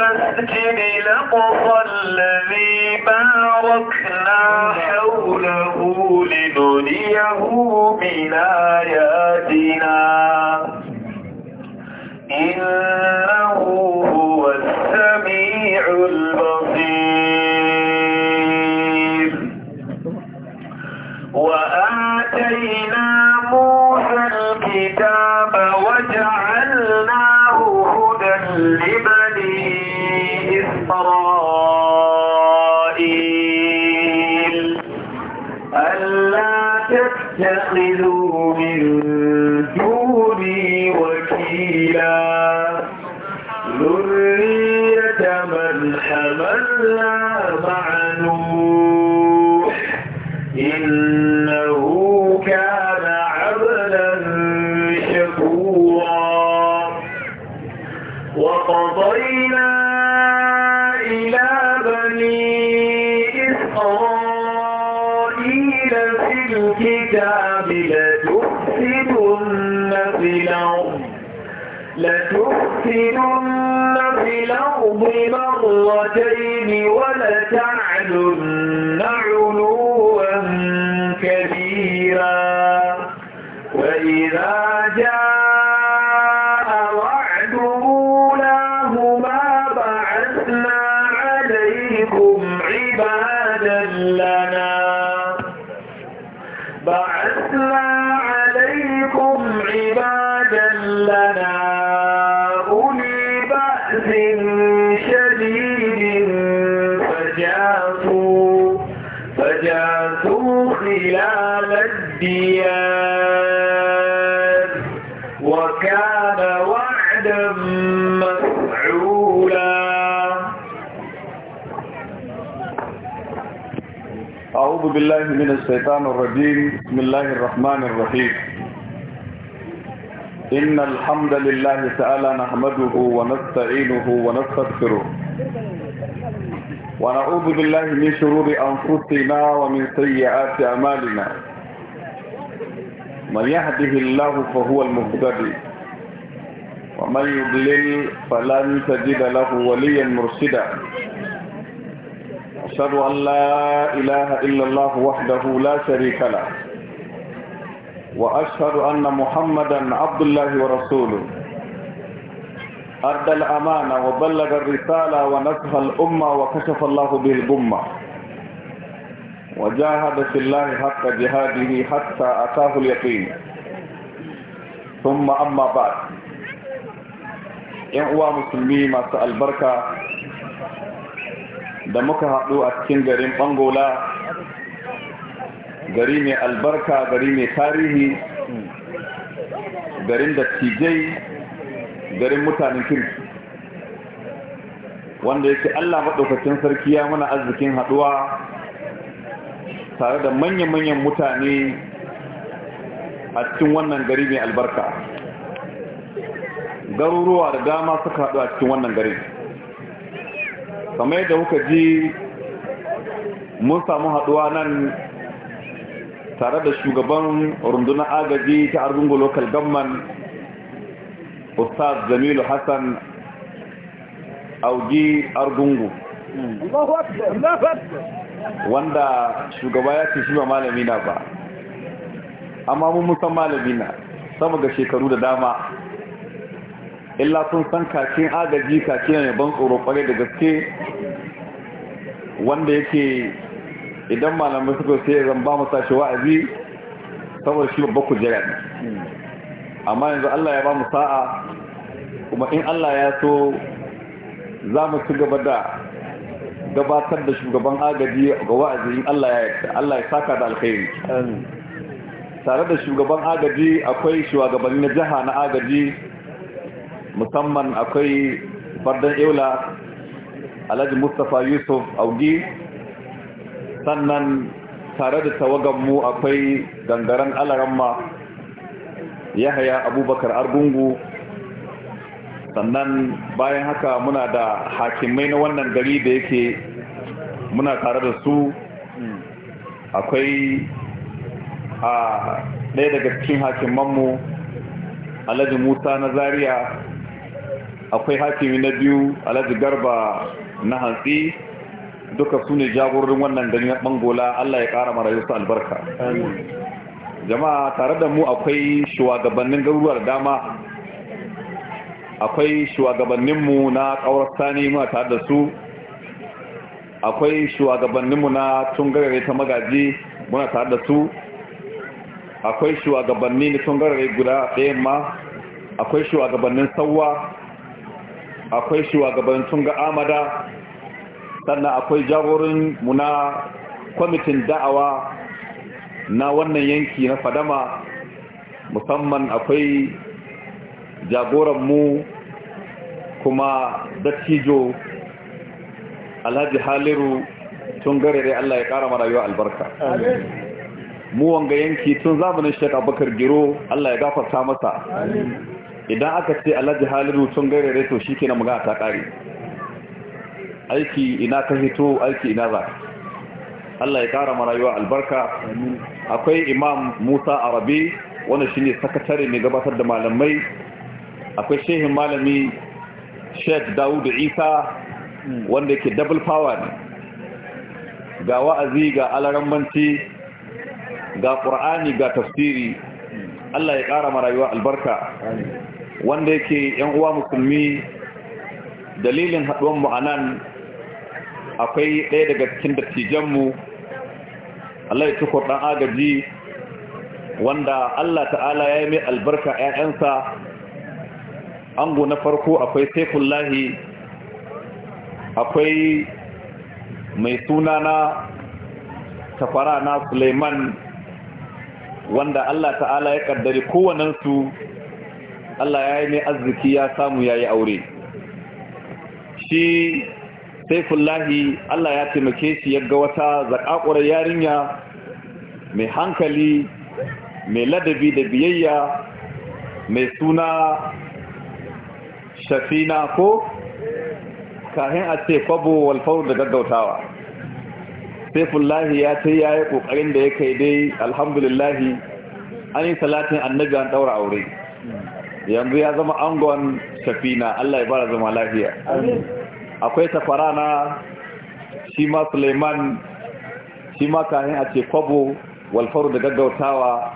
المسجد لقصى الذي باركنا حوله لنريه من آياتنا الدرجين ولتعلن الديار وكان وعدا مفعولا أعوذ بالله من الشيطان الرجيم بسم الله الرحمن الرحيم إن الحمد لله تعالى نحمده ونستعينه ونستغفره ونعوذ بالله من شرور أنفسنا ومن سيئات أعمالنا من يهده الله فهو المهتدي ومن يضلل فلن تجد له وليا مرشدا أشهد أن لا إله إلا الله وحده لا شريك له وأشهد أن محمدا عبد الله ورسوله أدى الأمانة وبلغ الرسالة ونصح الأمة وكشف الله به الأمة وجاهد في الله حق جهاده حتى أتاه اليقين ثم أما بعد ‘yan uwa musulmi masu albarka da muka haɗu a cikin garin bangola gari mai albarka gari mai tarihi garin dattijai garin mutanen kirki wanda yake allah maɗaukacin sarki ya muna arzikin haɗuwa tare da manya-manyan mutane a cikin wannan gari mai albarka garuruwa da dama suka haɗu a cikin wannan gari kamar yadda kuka ji mun samu haɗuwa nan tare da shugaban rundunar agaji ta argungu local government ustaz jamilu hassan auji argungu wanda shugaba ya ce shi ba malami na ba amma mun musan malami na sama ga shekaru da dama illa sun san kakin agaji kakin mai ban tsoro kwarai da gaske wanda yake idan malamai suka sai zan ba masa shi wa'azi saboda shi babba jira ne amma yanzu Allah ya ba mu sa'a kuma in Allah ya so za mu ci gaba da gabatar da shugaban agaji ga wa'azin Allah ya saka da alkhairi tare da shugaban agaji akwai shugabanni na jiha na agaji musamman akwai bardan eula alhaji mustapha yusuf augi sannan tare da tawaganmu akwai gangaren alaramma yahaya abubakar argungu sannan bayan haka muna da hakimai na wannan gari da yake muna tare da su akwai a ɗaya daga cikin hakimanmu alhaji musa na zariya akwai hakimi na biyu alhaji garba na hantsi duka su ne jagororin wannan gari na bangola allah ya ƙara su albarka jama'a tare da mu akwai shugabannin garuruwar dama akwai shugabanninmu na ƙaurar sani muna tare da su akwai shugabanninmu na tungarare ta magaji muna tare da su akwai shugabanni na tungarare guda ɗaya ma akwai shugabannin sauwa akwai shugabannin tunga amada sannan akwai jagorinmu na kwamitin da'awa na wannan yanki na fadama musamman akwai Jagoran mu kuma dattijo alhaji haliru tun garere Allah ya kara marayuwa albarka mu wanga yanki tun zamanin shek abakar giro Allah ya gafarta masa idan aka ce alhaji haliru tun garere to shi kenan muga ta kare aiki ina ka hito aiki ina za Allah ya kara marayuwa albarka akwai imam musa arabi shi shine sakatare ne gabatar da malamai akwai shehin malami shek dawud isa wanda ke double power ne ga wa'azi ga alarambanci ga ƙur'ani ga tafsiri allah ya ƙara marayuwa albarka wanda yake yan uwa musulmi dalilin haɗuwanmu a nan akwai ɗaya daga cikin dattijanmu allah ya cikin ɗan agaji wanda allah ta'ala ya yi mai albarka 'ya'yansa ango na farko akwai saifullahi akwai mai suna na tafara na suleiman wanda allah ta'ala ya kaddari kowanensu allah ya yi mai arziki ya samu ya yi aure shi saifullahi allah ya taimake shi ga wata zakakurar yarinya mai hankali mai ladabi da biyayya mai suna safina ko kahin a ce kwabo walfaur da gaggautawa saifullahi ya ce ya yi kokarin da ya kai dai alhamdulillahi an yi salatin annabi an ɗaura aure yanzu ya zama angon safina allah ya bara zama lafiya akwai safara na shi ma suleiman shi ma kahin a ce kwabo walfaur da gaggautawa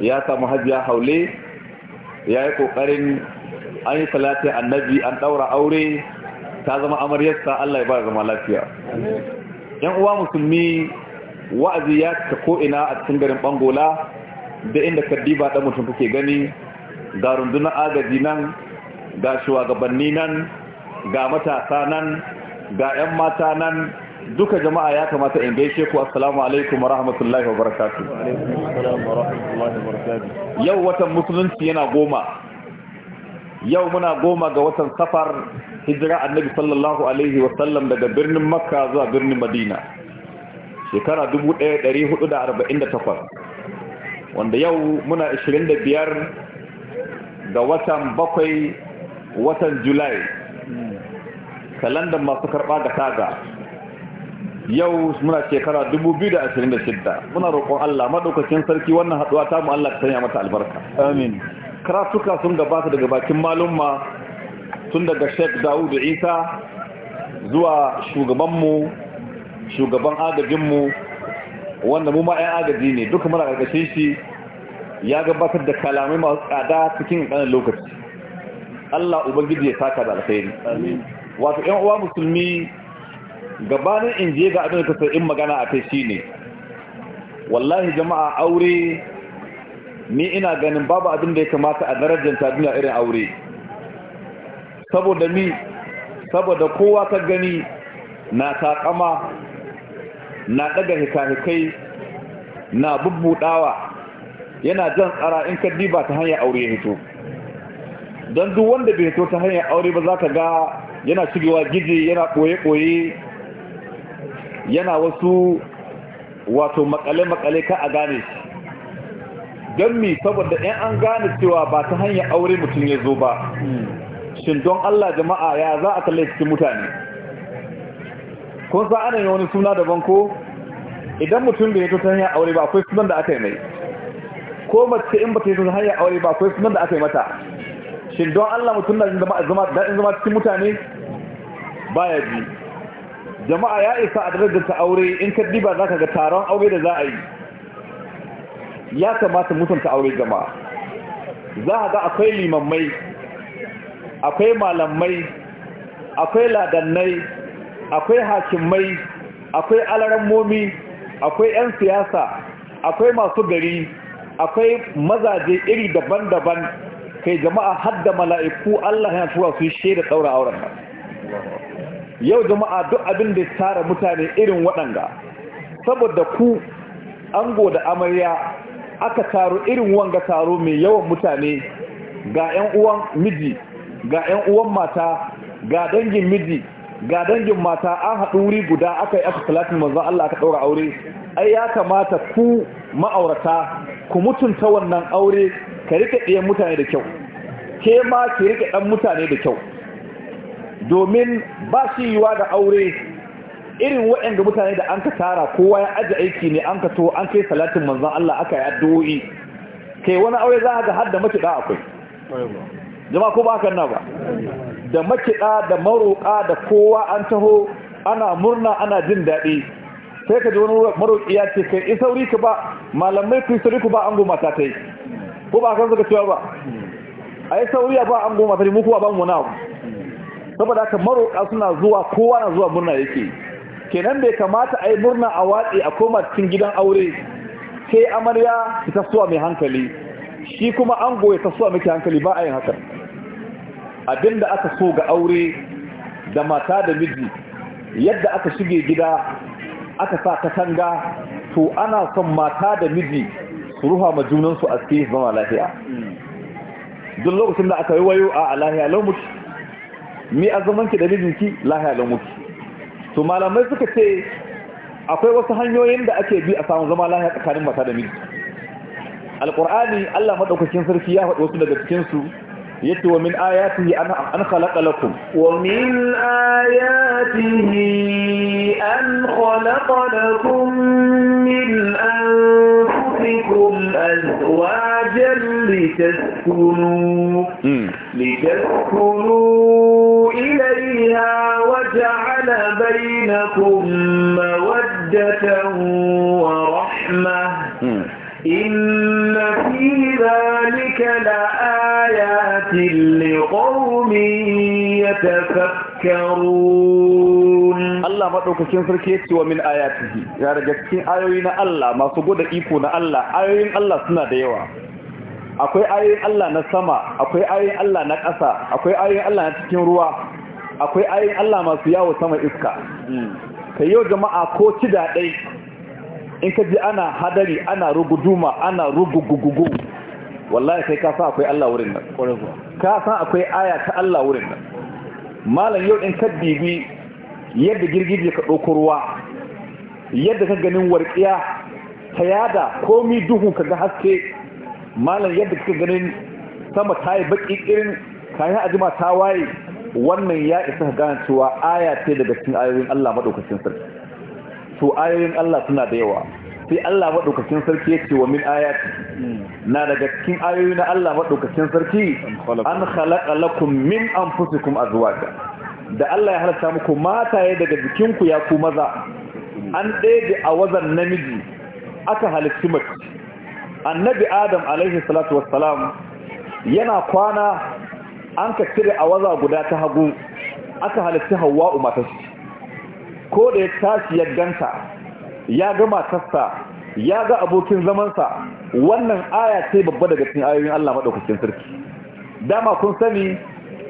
ya samu hajiya haule ya yi ƙoƙarin an yi salatin annabi an ɗaura aure ta zama amaryarsa Allah ya ba zama lafiya yan uwa musulmi wa'azi ya ta ko a cikin garin bangola da inda kaddiba ɗan mutum kake gani ga rundunar agaji nan ga shugabanni nan ga matasa nan ga yan mata nan duka jama'a ya kamata in gaishe ku assalamu alaikum wa rahmatullahi wa yau watan musulunci yana goma yau muna goma ga watan safar hijira annabi sallallahu alaihi wasallam daga birnin makka zuwa birnin madina shekara 1448 wanda yau muna 25 ga watan bakwai watan julai kalandar masu karɓa da taga yau muna shekara 2026 muna roƙon allah maɗaukacin sarki wannan haɗuwa ta mu allah ta sanya mata albarka amin karatuka sun gabata daga bakin malumma tun daga sheik Daudu isa zuwa shugabanmu shugaban agajinmu wanda mu ma'ayin agaji ne duka mara ƙarƙashin shi ya gabatar da kalamai masu tsada cikin ɗan lokaci Allah Ubangiji ya saka da alkhairi wato 'yan uwa musulmi gabanin in je ga abin da ta sa'in magana a kai ne wallahi jama'a aure ni ina ganin babu abin da ya kamata a darajar duniya irin aure saboda mi saboda kowa ka gani na takama na daga hikahikai na bubbudawa yana jan tsara in ka diba ta hanyar aure ya hito don duk wanda bai hito ta hanyar aure ba za ka ga yana shigewa gidi yana koye-koye yana wasu wato makale-makale ka a gane shi don mi saboda 'yan an gane cewa ba ta hanyar aure mutum ya zo ba shin don Allah jama'a ya za a kalle cikin mutane kun sa ana yi wani suna daban ko idan mutum da ya ta hanyar aure ba akwai sunan da aka yi mai ko mace in ba ta yi ta hanyar aure ba akwai sunan da aka yi mata shin don Allah mutum na zama daɗin zama cikin mutane Ba ya ji jama'a ya isa a darajar ta aure in ka ba za ka ga taron aure da za a yi ya kamata mutunta aure jama'a za a ga akwai limammai akwai malamai akwai ladannai akwai hakimai akwai alarammomi akwai 'yan siyasa akwai masu gari akwai mazaje iri daban-daban kai jama'a hadda mala'iku Allah ya tura su she da tsaura auren nan yau jama'a duk abin da ya tara mutane irin waɗanda saboda ku ango da amarya aka taru irin wanga taro mai yawan mutane ga 'yan uwan miji ga 'yan uwan mata ga dangin miji ga dangin mata an haɗu wuri guda aka yi aka salatin manzan Allah aka ɗaura aure ai ya kamata ku ma'aurata ku mutunta wannan aure ka rike ɗiyan mutane da kyau ke ma ki rike ɗan mutane da kyau domin ba shi yiwa da aure irin waɗanda mutane da an ka tara kowa ya aji aiki ne an ka to an kai salatin manzan Allah aka yi addu'o'i kai wani aure za a ga har da makiɗa akwai jama'a ko ba haka na ba da makiɗa da maroƙa da kowa an taho ana murna ana jin daɗi sai ka ji wani maroƙi ya ce kai sauri ka ba malamai ku isauri ku ba an goma ta yi ko ba kan suka cewa ba a yi sauri ba an goma ta yi muku ban saboda haka maroƙa suna zuwa kowa na zuwa murna yake kenan bai kamata a yi murna a watsi a koma cikin gidan aure sai amarya ta tasowa mai hankali shi kuma an goya tasowa mai hankali ba a yin haka abinda aka so ga aure da mata da miji yadda aka shige gida aka sa katanga to ana son mata da miji su ruha ma junansu a cikin zama lafiya duk lokacin da aka yi wayo a lahiya lamuci mi a zamanki da mijinki lahiya lamuci to malamai suka ce akwai wasu hanyoyin da ake bi a samun zama lahiya tsakanin mata da miji alqur'ani Allah madaukakin sarki ya faɗi wasu daga cikin su yace wa min ayatihi an an khalaqa lakum wa min ayatihi an khalaqa lakum min anfusikum azwajan litaskunu hmm. لتسكنوا إليها وجعل بينكم مودة ورحمة إن في ذلك لآيات لقوم يتفكرون الله مدوك كنسركيت ومن آياته يا رجل كن آيوين الله ما سبود إيكونا الله آيوين الله سنة ديوة akwai ayoyin Allah na sama akwai ayoyin Allah na ƙasa akwai ayoyin Allah na cikin ruwa akwai ayoyin Allah masu yawo sama iska hmm. kai yau jama'a ko ci daɗai in ka ji ana hadari ana ruguduma ana rugugugugu wallahi kai ka san akwai Allah wurin nan ka san akwai aya ta Allah wurin nan malam yau in ka dibi yadda girgiji ka ɗauko ruwa yadda ka ganin warƙiya ta yada komi duhun ka ga haske malam yadda kuka ganin sama ta yi baki irin kayan ajima ta waye wannan ya isa gane cewa aya ce daga cikin ayoyin Allah madaukakin sarki to ayoyin Allah suna da yawa sai Allah madaukakin sarki yace wa min ayati na daga cikin ayoyi na Allah madaukakin sarki an khalaqa lakum min anfusikum azwaja da Allah ya halatta muku mataye daga jikinku ya ku maza an ɗaya a wazan namiji aka halitta mace annabi adam alaihi salatu wassalam yana kwana an ka cire a waza guda ta hagu aka halitta hawa'u shi. ko da ya tashi ya ganta ya ga matarsa ya ga abokin zamansa wannan aya ce babba daga cikin ayoyin Allah madaukakin sarki dama kun sani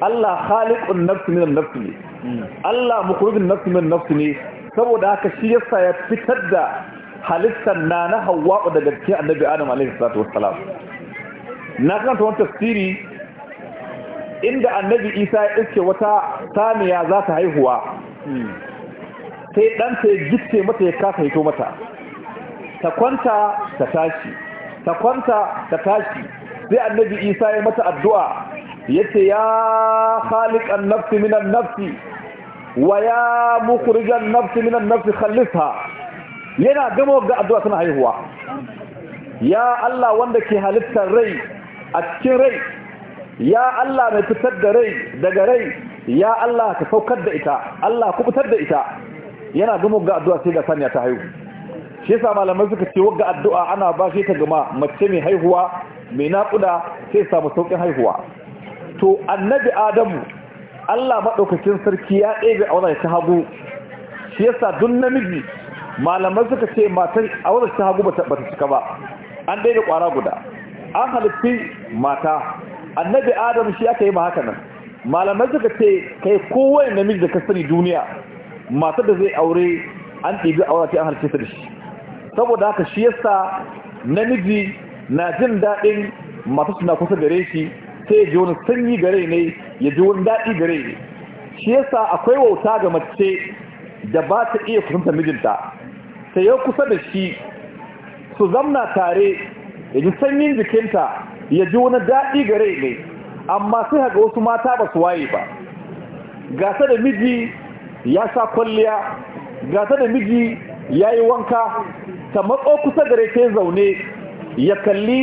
Allah khaliqun nafsi min nafsi ne hmm. Allah mukhrijun nafsi min nafsi ne saboda haka shi yasa ya fitar da halittar na na hawa'u daga cikin annabi adam alaihi salatu wassalam na ta wani tafsiri inda annabi isa ya iske wata saniya za ta haihuwa sai ɗanta ya gitse mata ya kasa hito mata ta kwanta ta tashi ta kwanta ta tashi sai annabi isa ya mata addu'a ya ce ya khaliƙan nafsi minan nafsi wa ya mukhrijan nafsi minan nafsi khallifha yana gama ga addu'a tana haihuwa ya Allah wanda ke halittar rai a cikin rai ya Allah mai fitar da rai daga rai ya Allah ka saukar da ita Allah ku fitar da ita yana gama ga addu'a sai ga sanya ta haihu shi yasa malamai suka ce ga addu'a ana ba shi ta gama mace mai haihuwa mai naƙuda sai samu saukin haihuwa to annabi adamu Allah maɗaukacin sarki ya ɗebe a ya ta hagu shi yasa duk namiji malamai suka ce matar wadda ta hagu ba ta cika ba an daina kwara guda an halittu mata annabi adam shi aka yi ma haka nan malamai suka ce kai kowai namiji da ka sani duniya matar da zai aure an ɗibi aura ta an ta da shi saboda haka shi yasa namiji na jin daɗin masu suna kusa gare shi sai ya ji wani sanyi gare ne ya ji wani daɗi gare ne shi yasa akwai wauta ga mace da ba ta iya kusanta mijinta ta yau kusa da shi su zamna tare ya ji sanyin jikinta ya ji wani daɗi gare ne amma sai haka wasu mata ba su waye ba gasa da miji ya sa kwalliya gasa da miji ya yi wanka ta matso kusa gare ta zaune ya kalli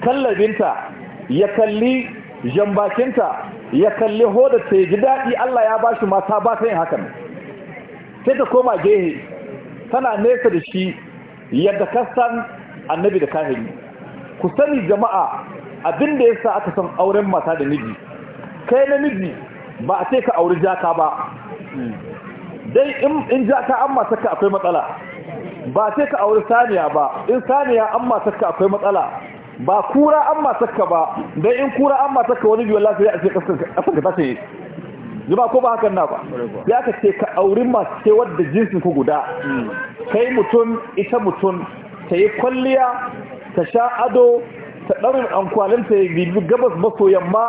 kallabinta ya kalli jambakinta ya kalli hodar ta ya ji daɗi Allah ya ba shi mata ba ta yin hakan sai ta koma gehe tana nesa da shi yadda kasan annabi da kahiri ku sani jama'a abin da yasa aka san auren mata da miji kai na miji ba a ce ka auri jaka ba dai in jaka an ka akwai matsala ba a ka auri saniya ba in saniya an ka akwai matsala ba kura an ka ba dai in kura an ka wani biyu lafiya a ce kasan ka ta yi Zuma ko ba hakan na ba ya ka ce ka auri masu ce wadda jinsin ku guda kai mutum ita mutum ta yi kwalliya ta sha ado ta ɗarin ankwalin ta yi gabas maso yamma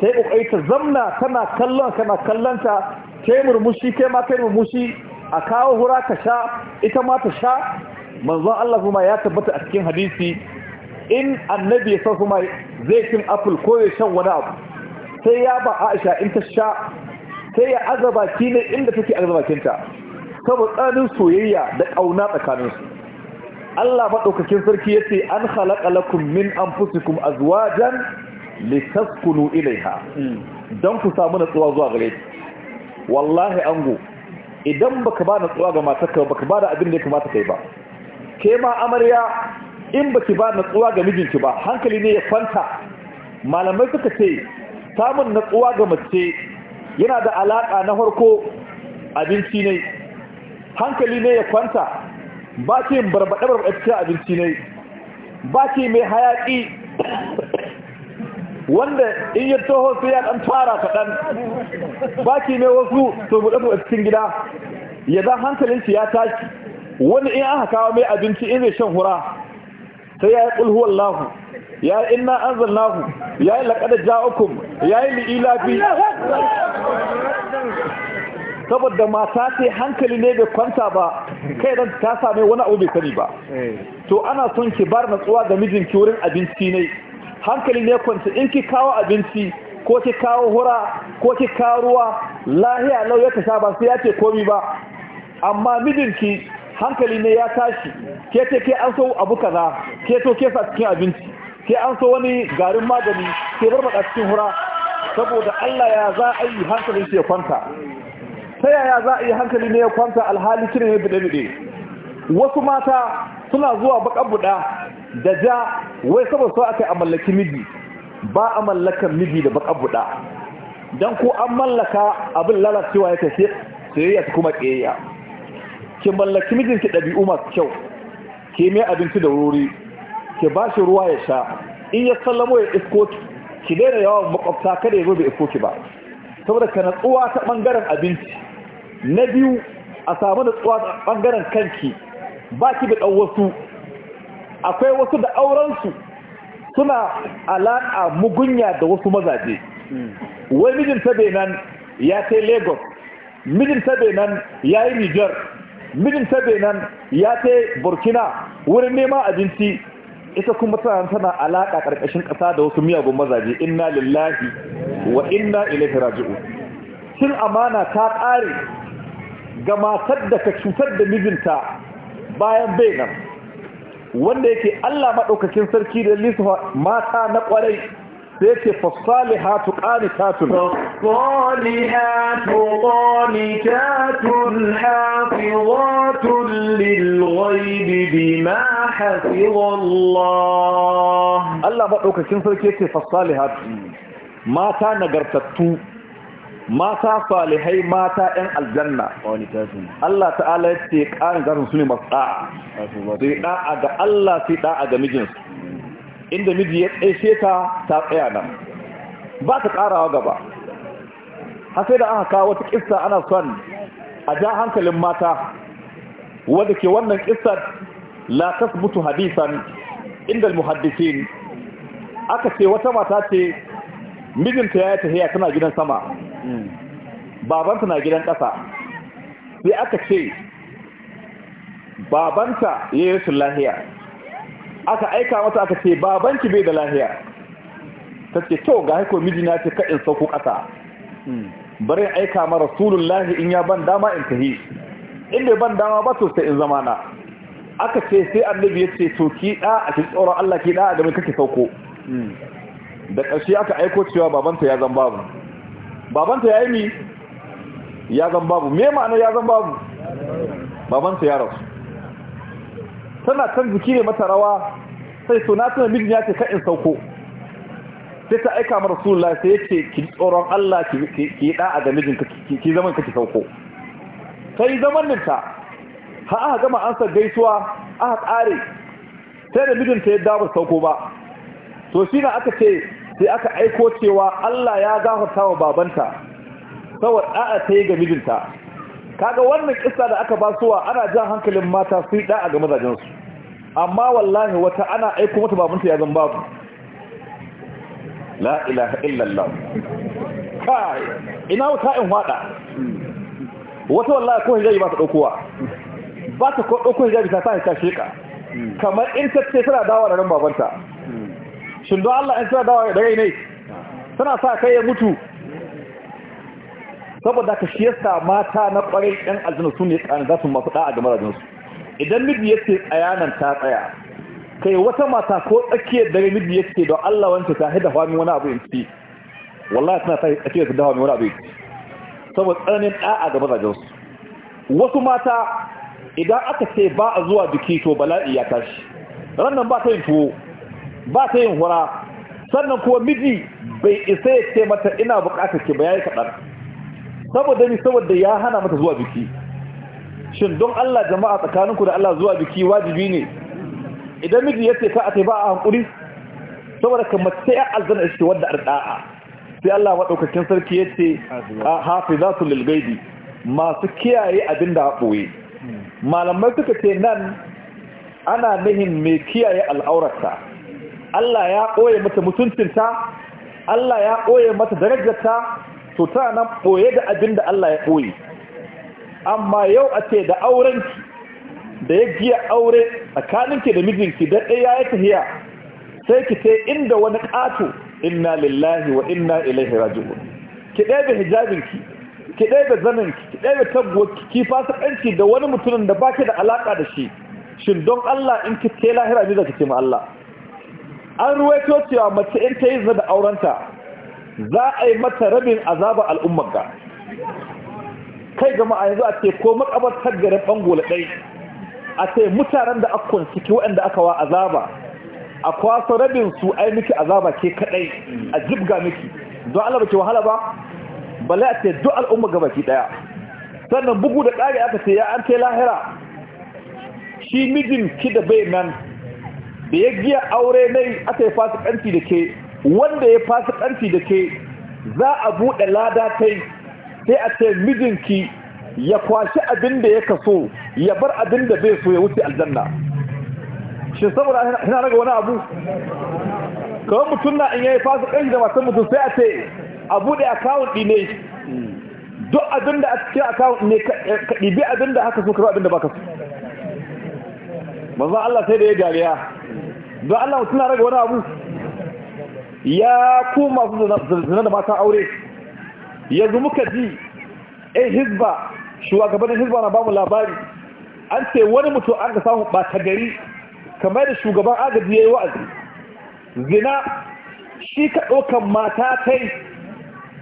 ta yi ƙoƙari ta zamna tana kallon kana kallonta ta yi murmushi kai ma kai murmushi a kawo hura ka sha ita ma ta sha manzon Allah kuma ya tabbata a cikin hadisi in annabi ya san kuma zai cin apple ko ya shan wani abu sai ya ba Aisha in ta sha sai ya aza baki ne inda take aza bakinta saboda tsanin soyayya da ƙauna tsakaninsu Allah maɗaukakin sarki ya ce an khalaqa lakum min anfusikum azwajan litaskunu ilaiha don ku samu natsuwa zuwa gare wallahi ango idan baka ba natsuwa ga matarka baka ba da abin da ya kamata kai ba ke ma amarya in baki ba natsuwa ga mijinki ba hankali ne ya kwanta malamai suka ce samun natsuwa ga mace yana da alaƙa na harko abinci ne hankali ne ya kwanta ba ce barbaɗe-barbaɗe cikin abinci ne ba ce mai hayaƙi wanda in yi taho sai ya ɗan fara kaɗan ba ce mai wasu to buɗe cikin gida ya za hankalin shi ya tashi wani in aka kawo mai abinci in zai shan hura sai ya yi ƙulhu Allahu ya yi inna an zannahu ya yi laƙada ja'ukum ya yi li'ilafi saboda mata ce hankali ne bai kwanta ba kai don ta same wani abu bai sani ba to ana son ki bar natsuwa ga mijinki wurin abinci ne hankali ne kwanta in ki kawo abinci ko ki kawo hura ko ki kawo ruwa lahiya lau ya kasa ba sai ya ce komi ba amma mijinki hankali ne ya tashi ke ce ke an so abu kaza ke so ke sa cikin abinci ke an so wani garin magani ke barbada cikin hura saboda Allah ya za a yi hankalin shi ya kwanta ta yaya za a yi hankali ne ya kwanta alhali cire ne bude-bude wasu mata suna zuwa baka buɗa da ja wai saboda so aka yi a mallaki miji ba a mallakan miji da baka buɗa dan ko an mallaka abin lalacewa ya tafi sayayya ta kuma ƙiyayya ki mallaki mijinki ɗabi'u masu kyau ki mai abinci da wuri ki ba shi ruwa ya sha in ya sallamo ya isko ki daina yawan makwabta kada ya zo bai isko ki ba saboda ka natsuwa ta ɓangaren abinci na biyu a samu natsuwa ta ɓangaren kanki ba ki da wasu akwai wasu da aurensu suna alaƙa mugunya da wasu mazaje wai mijinta ta nan ya kai lagos mijinta ta nan ya yi nijar mijinta benin ya ta burkina wurin nema abinci ita kuma tana tana alaƙa ƙarƙashin ƙasa da wasu miyagun mazaje inna lillahi wa inna ilaihi raji'u shin amana ta ƙare ga matar da ka cutar da mijinta bayan benin wanda yake Allah maɗaukakin sarki da lissafa mata na ƙwarai sai ce fasalihatu hafi fasalihatu lil'wai hafizatun lilghaibi bima hafizallah Allah madaukakin sarki ce fasalihatu mata nagartattu mata salihai mata ƴan aljanna Allah ta'ala ya ce ƙarin garin su ne masu ɗa'a sai ɗa'a ga Allah sai ɗa'a ga mijinsu inda miji ya tsaye ta ta tsaya nan ba ta karawa gaba har sai da aka kawo wata kissa ana son a ja hankalin mata wadda ke wannan kissar la tasbutu hadisan inda muhaddisin aka ce wata mata ce mijinta ya tahiya tana gidan sama babanta na gidan ƙasa sai aka ce babanta ya yi lahiya aka aika mata aka ce babanki bai da lahiya ta ce to ga haiko mijina ce kaɗin sauko ƙasa hmm. bari in aika ma lahi in ya ban dama in tahi inda ban dama ba sosai in zama na aka ce sai annabi ya ce to ki ɗa a cikin tsoron Allah ki ɗa a game kake sauko hmm. da ƙarshe aka aiko cewa babanta ya zan babu babanta ya yi mi ya zan babu me ma'ana ya zan babu babanta ya rasu tana kan jiki ne mata rawa sai na tuna mijin ya ce ka in sauko sai ta aika mara rasulullah sai yake ki tsoron Allah ki yi da'a ga mijin ki zaman ka ki sauko sai zaman ninta ha aka gama ansa gaisuwa aka kare sai da mijinta ya dawo sauko ba to shi na aka ce sai aka aiko cewa Allah ya gafarta wa babanta saboda da'a ta yi ga mijinta kaga wannan kissa da aka basuwa ana jan hankalin mata su yi da'a ga mazajensu amma wallahi wata ana aiko mata babanta ya zan babu la ilaha illallah kai ina wata in wada wata wallahi ko hijabi ba ta daukowa ba ta ko dauko hijabi ta sai ta sheka kamar in ta ce tana dawo ran babanta shin don Allah in tana dawo da rai ne tana sa kai ya mutu saboda ka shi yasa mata na kwarai ɗan aljina su ne ƙanin za su masu ɗa'a ga marajinsu idan miji a tsayanan ta tsaya kai wata mata ko tsakiyar dare miji da don Allah wancan ta hida fami wani abu in ci wallahi tana ta tsakiyar da fami wani abu in ci saboda tsananin da'a ga mazajen su wasu mata idan aka ce ba a zuwa biki to bala'i ya tashi rannan ba ta yin tuwo ba ta yin hura sannan kuma miji bai isa ya ce mata ina bukatar ki ba yayi kaɗan saboda saboda ya hana mata zuwa biki shin don Allah jama'a tsakaninku da Allah zuwa biki wajibi ne idan miji yace ka a taiba a hankuri saboda kamar mace ya azana shi wadda arda'a sai Allah madaukakin sarki yace hafizatu lil ghaibi masu kiyaye abin da boye malamai suka ce nan ana nihin mai kiyaye al'aurata Allah ya ɓoye mata mutuncinta Allah ya ɓoye mata darajarta to ta nan ɓoye da abinda Allah ya ɓoye. amma yau a ce da aurenki da ya giya aure tsakaninki da mijinki da ɗaya ya tafiya sai ki ce inda wani ƙato inna lillahi wa inna ilaihi raji'un ki ɗaya hijabinki ki ɗaya zaninki ki ɗaya tabbuwarki ki fasa da wani mutumin da baki da alaƙa da shi shin don Allah in ki ce lahira ne da kake ma Allah an ruwaito cewa mace in ta yi zada aurenta za a yi mata rabin azabar al'ummar ga kai gama a yanzu a ce ko makabartar garin bangola ɗai a ce mutanen da akwai ciki waɗanda aka wa azaba a kwaso rabin su ai miki azaba ke kaɗai a jibga miki don Allah baki wahala ba bala a ce duk al'umma gabaki ɗaya, sannan bugu da ƙari aka ce ya an ce lahira shi mijin ki da bai nan da ya giya aure ne aka yi fasikanci da ke wanda ya fasikanci da ke za a buɗe lada kai sai a ce mijinki ya kwashi abin da ya kaso ya bar abin da bai so ya wuce aljanna shi saboda yana raga wani abu kawai mutum na in yayi fasa kai da masu mutum sai a ce a buɗe akawun ne duk abin da a cikin akawun ne ka ɗibi abin da haka so ka abin da baka so manzon Allah sai da ya dariya don Allah mutum na raga wani abu ya ku masu zina da mata aure yanzu muka ji eh hizba shugabannin hizba na bamu labari an ce wani mutum an ka samu ɓata gari kamar da shugaban agaji ya yi wa'azi zina shi ka ɗaukan mata kai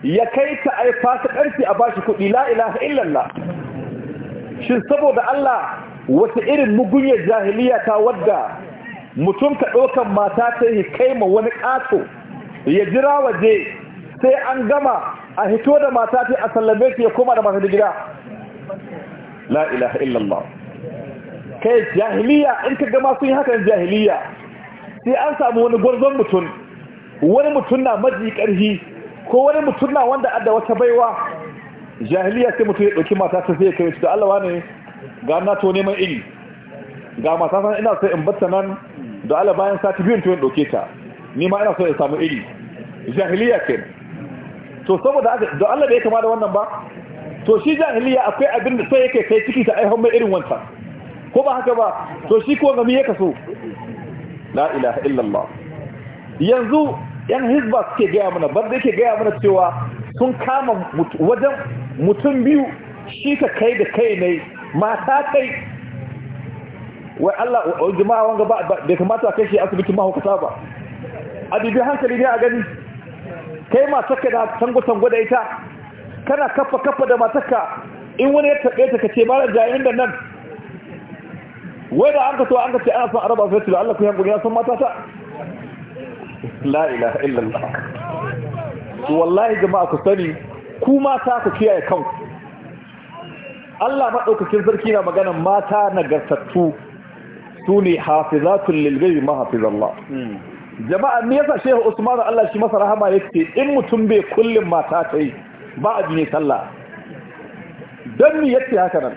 ya kai ta ai fasa ƙarfi a bashi kuɗi la'ilaha illallah shi saboda Allah wata irin mugunyar jahiliya ta wadda mutum ka ɗaukan mata kai ma wani ƙato ya jira waje sai an gama a hito da mata ta a sallame su ya koma da mata da gida la ilaha illallah kai jahiliya in ka gama sun yi hakan jahiliya sai an samu wani gwarzon mutum wani mutum na maji karhi ko wani mutum na wanda adda wata baiwa jahiliya sai mutum ya ɗauki mata ta sai ya kai da Allah wane ga na to neman iri ga mata san ina sai in batta nan da Allah bayan sati biyun to ya ɗauke ta ni ma ina so in samu iri jahiliya kenan to saboda aka don Allah bai kama da wannan ba to shi jahiliya akwai abin da sai yake kai ciki ta aihon mai irin wancan ko ba haka ba to shi ko gami ya kaso la ilaha illallah yanzu yan hizba suke gaya mana ba da yake gaya mana cewa sun kama wajen mutum biyu shi ka kai da kai ne mata kai wai Allah jama'a wanga ba da kamata kai shi asibiti mahaukata ba a bibi hankali ne a gani kai matarka da tango-tango da ita kana kafa-kafa da matarka in wani ya taɓe ta kace malar jayin da nan wai da an ka so an ka ce ana son araba sai da Allah ku yankuri ya son mata ta la ilaha illallah wallahi jama'a ku sani ku mata ku kiyaye kan. Allah maɗaukakin sarki na magana mata nagartattu su ne hafizatul lilgai hafizallah. Hmm. jama'a ne yasa shehu usman Allah shi masa rahama yake in mutum bai kullum mata ta yi ba a jini sallah don ne yace haka nan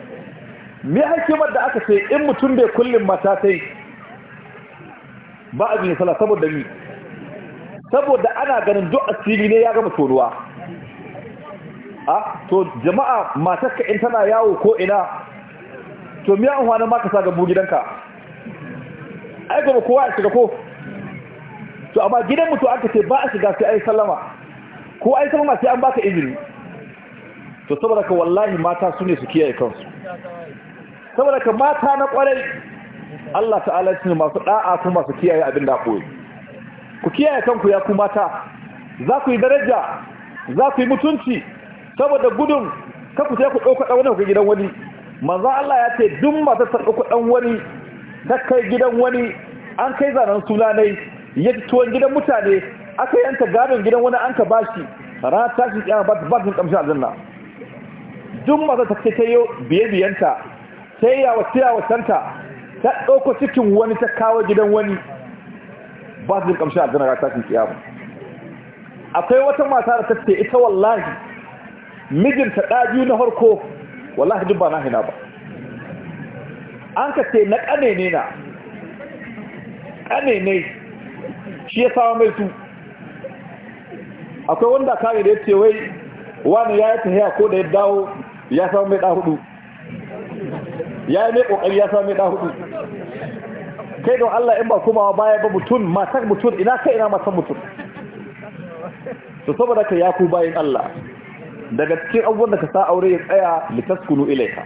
me hikimar da aka ce in mutum bai kullum mata ta yi ba a jini sallah saboda ni saboda ana ganin duk asiri ne ya gama tonuwa a to jama'a ka in tana yawo ko ina to miya an ma ka sa gabu gidanka ai gaba kowa ya shiga ko to amma gidan mutu aka ce ba a shiga sai ai sallama ko ai sallama sai an baka izini to saboda ka wallahi mata su ne su kiyaye kansu saboda ka mata na kwarai Allah ta'ala shi ne masu da'a ko masu kiyaye abin da koyi ku kiyaye kanku ya ku mata za ku yi daraja za ku yi mutunci saboda gudun kaku sai ku ɗauka ɗan wani gidan wani manzo Allah ya ce duk mata ta dauka ɗan wani ta kai gidan wani an kai zanen sunanai. ya tuwon gidan mutane aka yanka gadon gidan wani an ka bashi rana ta shi ya ba ba bakin kamshi aljanna duk masu ta ce ta biye biyanta ta ya yawa ta yawa santa ta ɗauko cikin wani ta kawo gidan wani ba su kamshi aljanna rana ta shi ba akwai wata mata da ta ce ita wallahi mijinta daji na harko wallahi duk ba na hina ba an ka ce na ƙane ne na ƙane ne shi ya sawa mai su akwai wanda kare da ya ce wai wani ya yi ta haya ko da ya dawo ya samu mai ɗa hudu ya yi mai ƙoƙari ya samu mai ɗa hudu kai don Allah in ba kuma baya ba mutum matar mutum ina kai ina matar mutum su saboda ka ya ku bayan Allah daga cikin abubuwan da ka sa aure ya tsaya litaskunu ilaika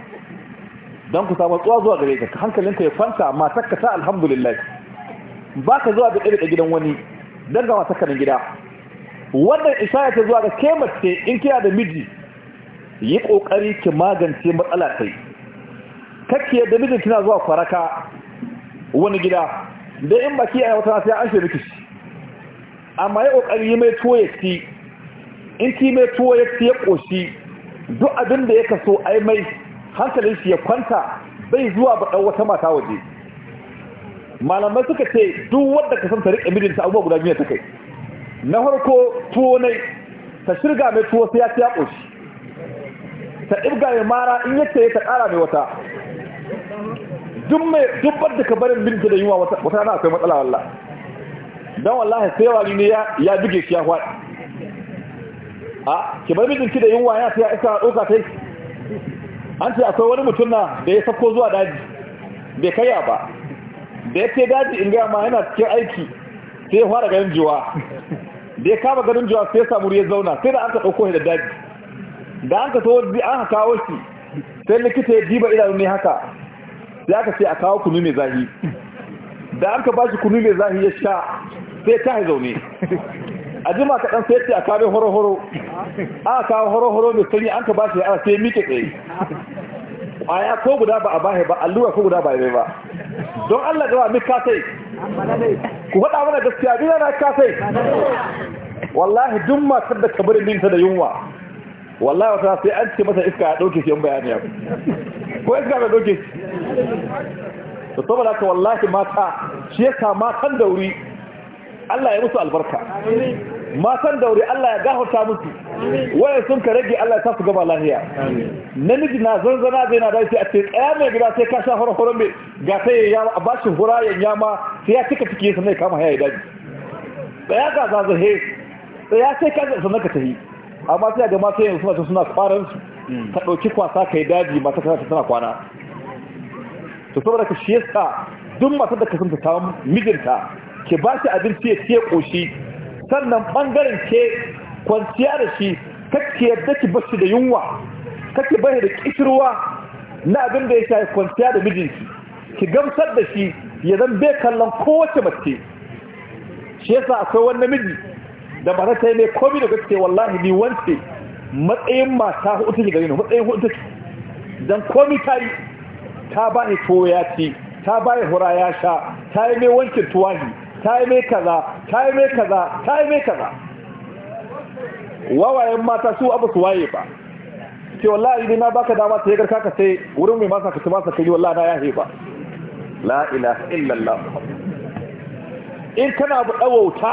don ku samu tsuwa zuwa gare ka hankalinka ya kwanta matar ka ta alhamdulillah ba ka zuwa ɗari biɗe gidan wani don gama kanin gida wannan ishaya ta zuwa ga ke mace in kira da miji yi ƙoƙari ki magance matsala kai kakke da mijin kina zuwa kwaraka wani gida da in baki a wata sai an shi amma ya ƙoƙari yi mai tuwo ya ci in ki mai tuwo ya ci ya ƙoshi duk abin da ya kaso ai mai hankalin shi ya kwanta bai zuwa ba ɗan wata mata waje malamai suka ce duk wadda ka san ta rike mijinta abubuwa guda biyu ta kai na farko tuwo ne ta shirga mai tuwo sai ya ci ya ƙoshi ta ɗibga mai mara in yace ta ƙara mai wata duk mai duk da ka barin mijinta da yunwa wata na akwai matsala wallah don wallahi sai wani ne ya buge shi ya faɗi a ki bar mijinki da yunwa ya sai isa ɗauka kai an ce akwai wani mutum na da ya sako zuwa daji bai kaiya ba da ya ce daji in gaya ma yana cikin aiki sai ya fara ganin juwa da ya kama ganin juwa sai ya samu ya zauna sai da an ka ɗauko da daji da an ka so an kawo shi sai likita ya diba idanu ne haka sai aka ce a kawo kunu mai zahi da an ka ba shi kunu mai zahi ya sha sai ta zaune a jima kaɗan sai ce a kawo horo-horo a kawo horo-horo mai sanyi an ka ba shi ya ara sai ya miƙe tsaye aya ko guda ba a bahe ba allura ko guda ba a ba don Allah da wa mi kasai ku faɗa mana gaskiya bi na kasai wallahi duk matar da kabarin ninta da yunwa wallahi wata sai an ce masa iska ya ɗauke shi yan bayani ya ko iska ya ɗauke shi to saboda ka wallahi mata shi yasa matan da wuri Allah ya musu albarka matan daure Allah ya gafarta musu waye sun ka rage Allah ya sa su gaba lahiya namiji na zanzana zai na dace a ce mai gida sai ka sha horon mai ga sai ya ba shi hurayen nyama sai ya cika ciki sannan mai kama haya ya daji tsaya ga sai ya sai ka sannan ka tafi amma sai ga mata yanzu suna suna kwaran su ka ɗauki kwasa ka yi daji mata ka tana kwana to saboda ka shi yasa duk matar da ka sun ta samu mijinta ki ba shi abinci ya ce koshi sannan bangaren ke kwanciya da shi kake yadda ki bashi da yunwa kake bai da kishirwa na abin da ya shi kwanciya da mijinki ki gamsar da shi ya zan bai kallon kowace mace shi yasa akwai wani namiji da ba ta yi mai komi da gaske wallahi ni wance matsayin mata hutu ne gari matsayin hutu don komi tari ta ba ni toya ce ta ba ni hura ya sha ta yi mai wankin tuwani ta yi mai kaza ta yi mai kaza ta yi mai kaza wawayen mata su abu su waye ba ce wallahi ne na baka dama ta garka ka sai wurin mai masa kaci masa kai wallahi na yahe ba la ilaha illallah in kana abu dawauta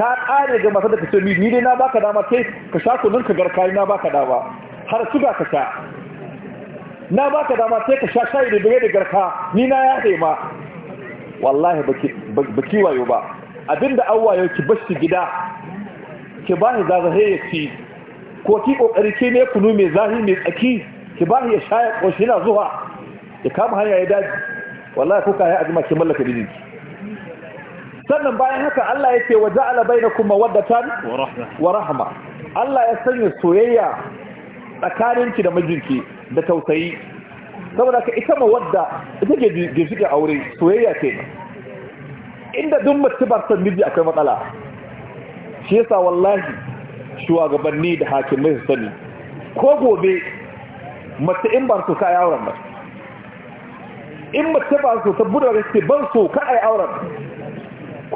ta kare ga masa da ka kace ni ne na baka dama sai ka sha kunun ka garka na baka dama har suga ka sha na baka dama sai ka sha shayi da bire da garka ni na ya ma wallahi ba kiwayo ba abinda an wayo ki bashi gida ki ba ni zazahe ya ci ko ki kokari ke ne kunu mai zahi mai tsaki ki ba ya shaya shi yana zuwa ya kama hanya ya daji wallahi ko kai azuma ki mallaka bijin sannan bayan haka Allah yake wa ja'ala bainakum mawaddatan wa rahma Allah ya sanya soyayya tsakaninki da mijinki da tausayi saboda ka ita mawadda ita ke a aure soyayya ce inda duk mace ba san miji akwai matsala shi yasa wallahi shugabanni da hakimai su sani ko gobe mace in ba su ka yi auren ba in mace ba su ta buɗe da ce ban so ka yi auren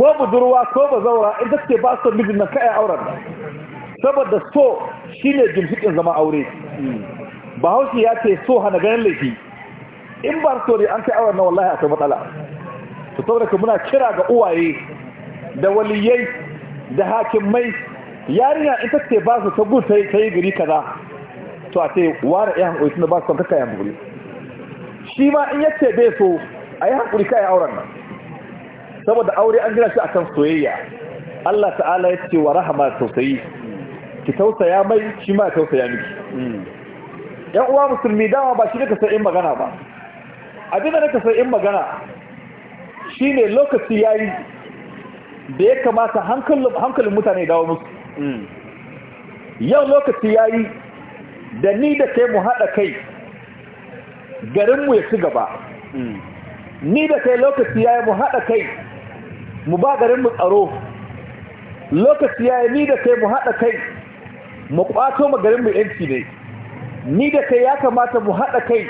ko budurwa ko ba zaura in ta ce ba su miji na ka yi auren saboda so shine ginshikin zama aure bahaushe ya ce so hana ganin laifi in ba so ne an kai awar na wallahi akwai matsala to saboda ka muna kira ga uwaye da waliyai da hakimai yarinya ita ce ba su ta gusa ta yi gari kaza to a ce ware ya hankali tunda ba su kwanta kayan buri shi ma in yace bai so a yi hankali kayan auren nan saboda aure an gina shi a kan soyayya Allah ta'ala ya ce wa rahama tausayi ki tausaya mai shi ma ya tausaya miki hmm. yan uwa musulmi dama ba shi ne ka in magana ba abinda na kasar in magana shi ne lokaci ya yi da ya kamata hankalin mutane dawo musu hmm. yau lokaci ya yi da ni da kai mu haɗa kai garinmu ya ci gaba hmm. ni da kai lokaci ya yi mu haɗa kai mu ba garinmu tsaro lokaci ya yi ni da kai mu haɗa kai mu ƙwato ma garinmu yanci ne ni da kai ya kamata mu haɗa kai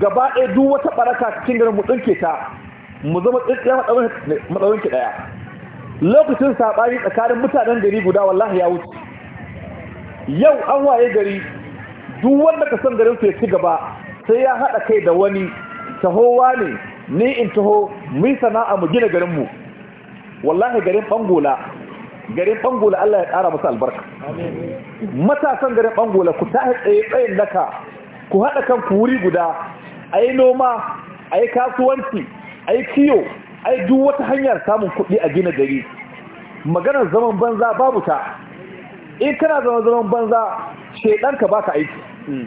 gaba ɗaya duk wata ɓaraka cikin garin mu ɗinke ta mu zama tsintsiya matsaurin ki ɗaya lokacin saɓani tsakanin mutanen gari guda wallahi ya wuce yau an waye gari duk wanda ka san garin ya ci gaba sai ya haɗa kai da wani tahowa ne ni in taho mu sana'a mu gina garin mu wallahi garin bangola garin bangola Allah ya ƙara masa albarka matasan garin bangola ku tahi tsaye tsayin daka ku haɗa kan ku wuri guda a yi noma a yi kasuwanci a yi kiyo a yi duk wata hanyar samun kuɗi a gina gari maganar zaman banza babu ta in kana zama zaman banza shaidanka baka aiki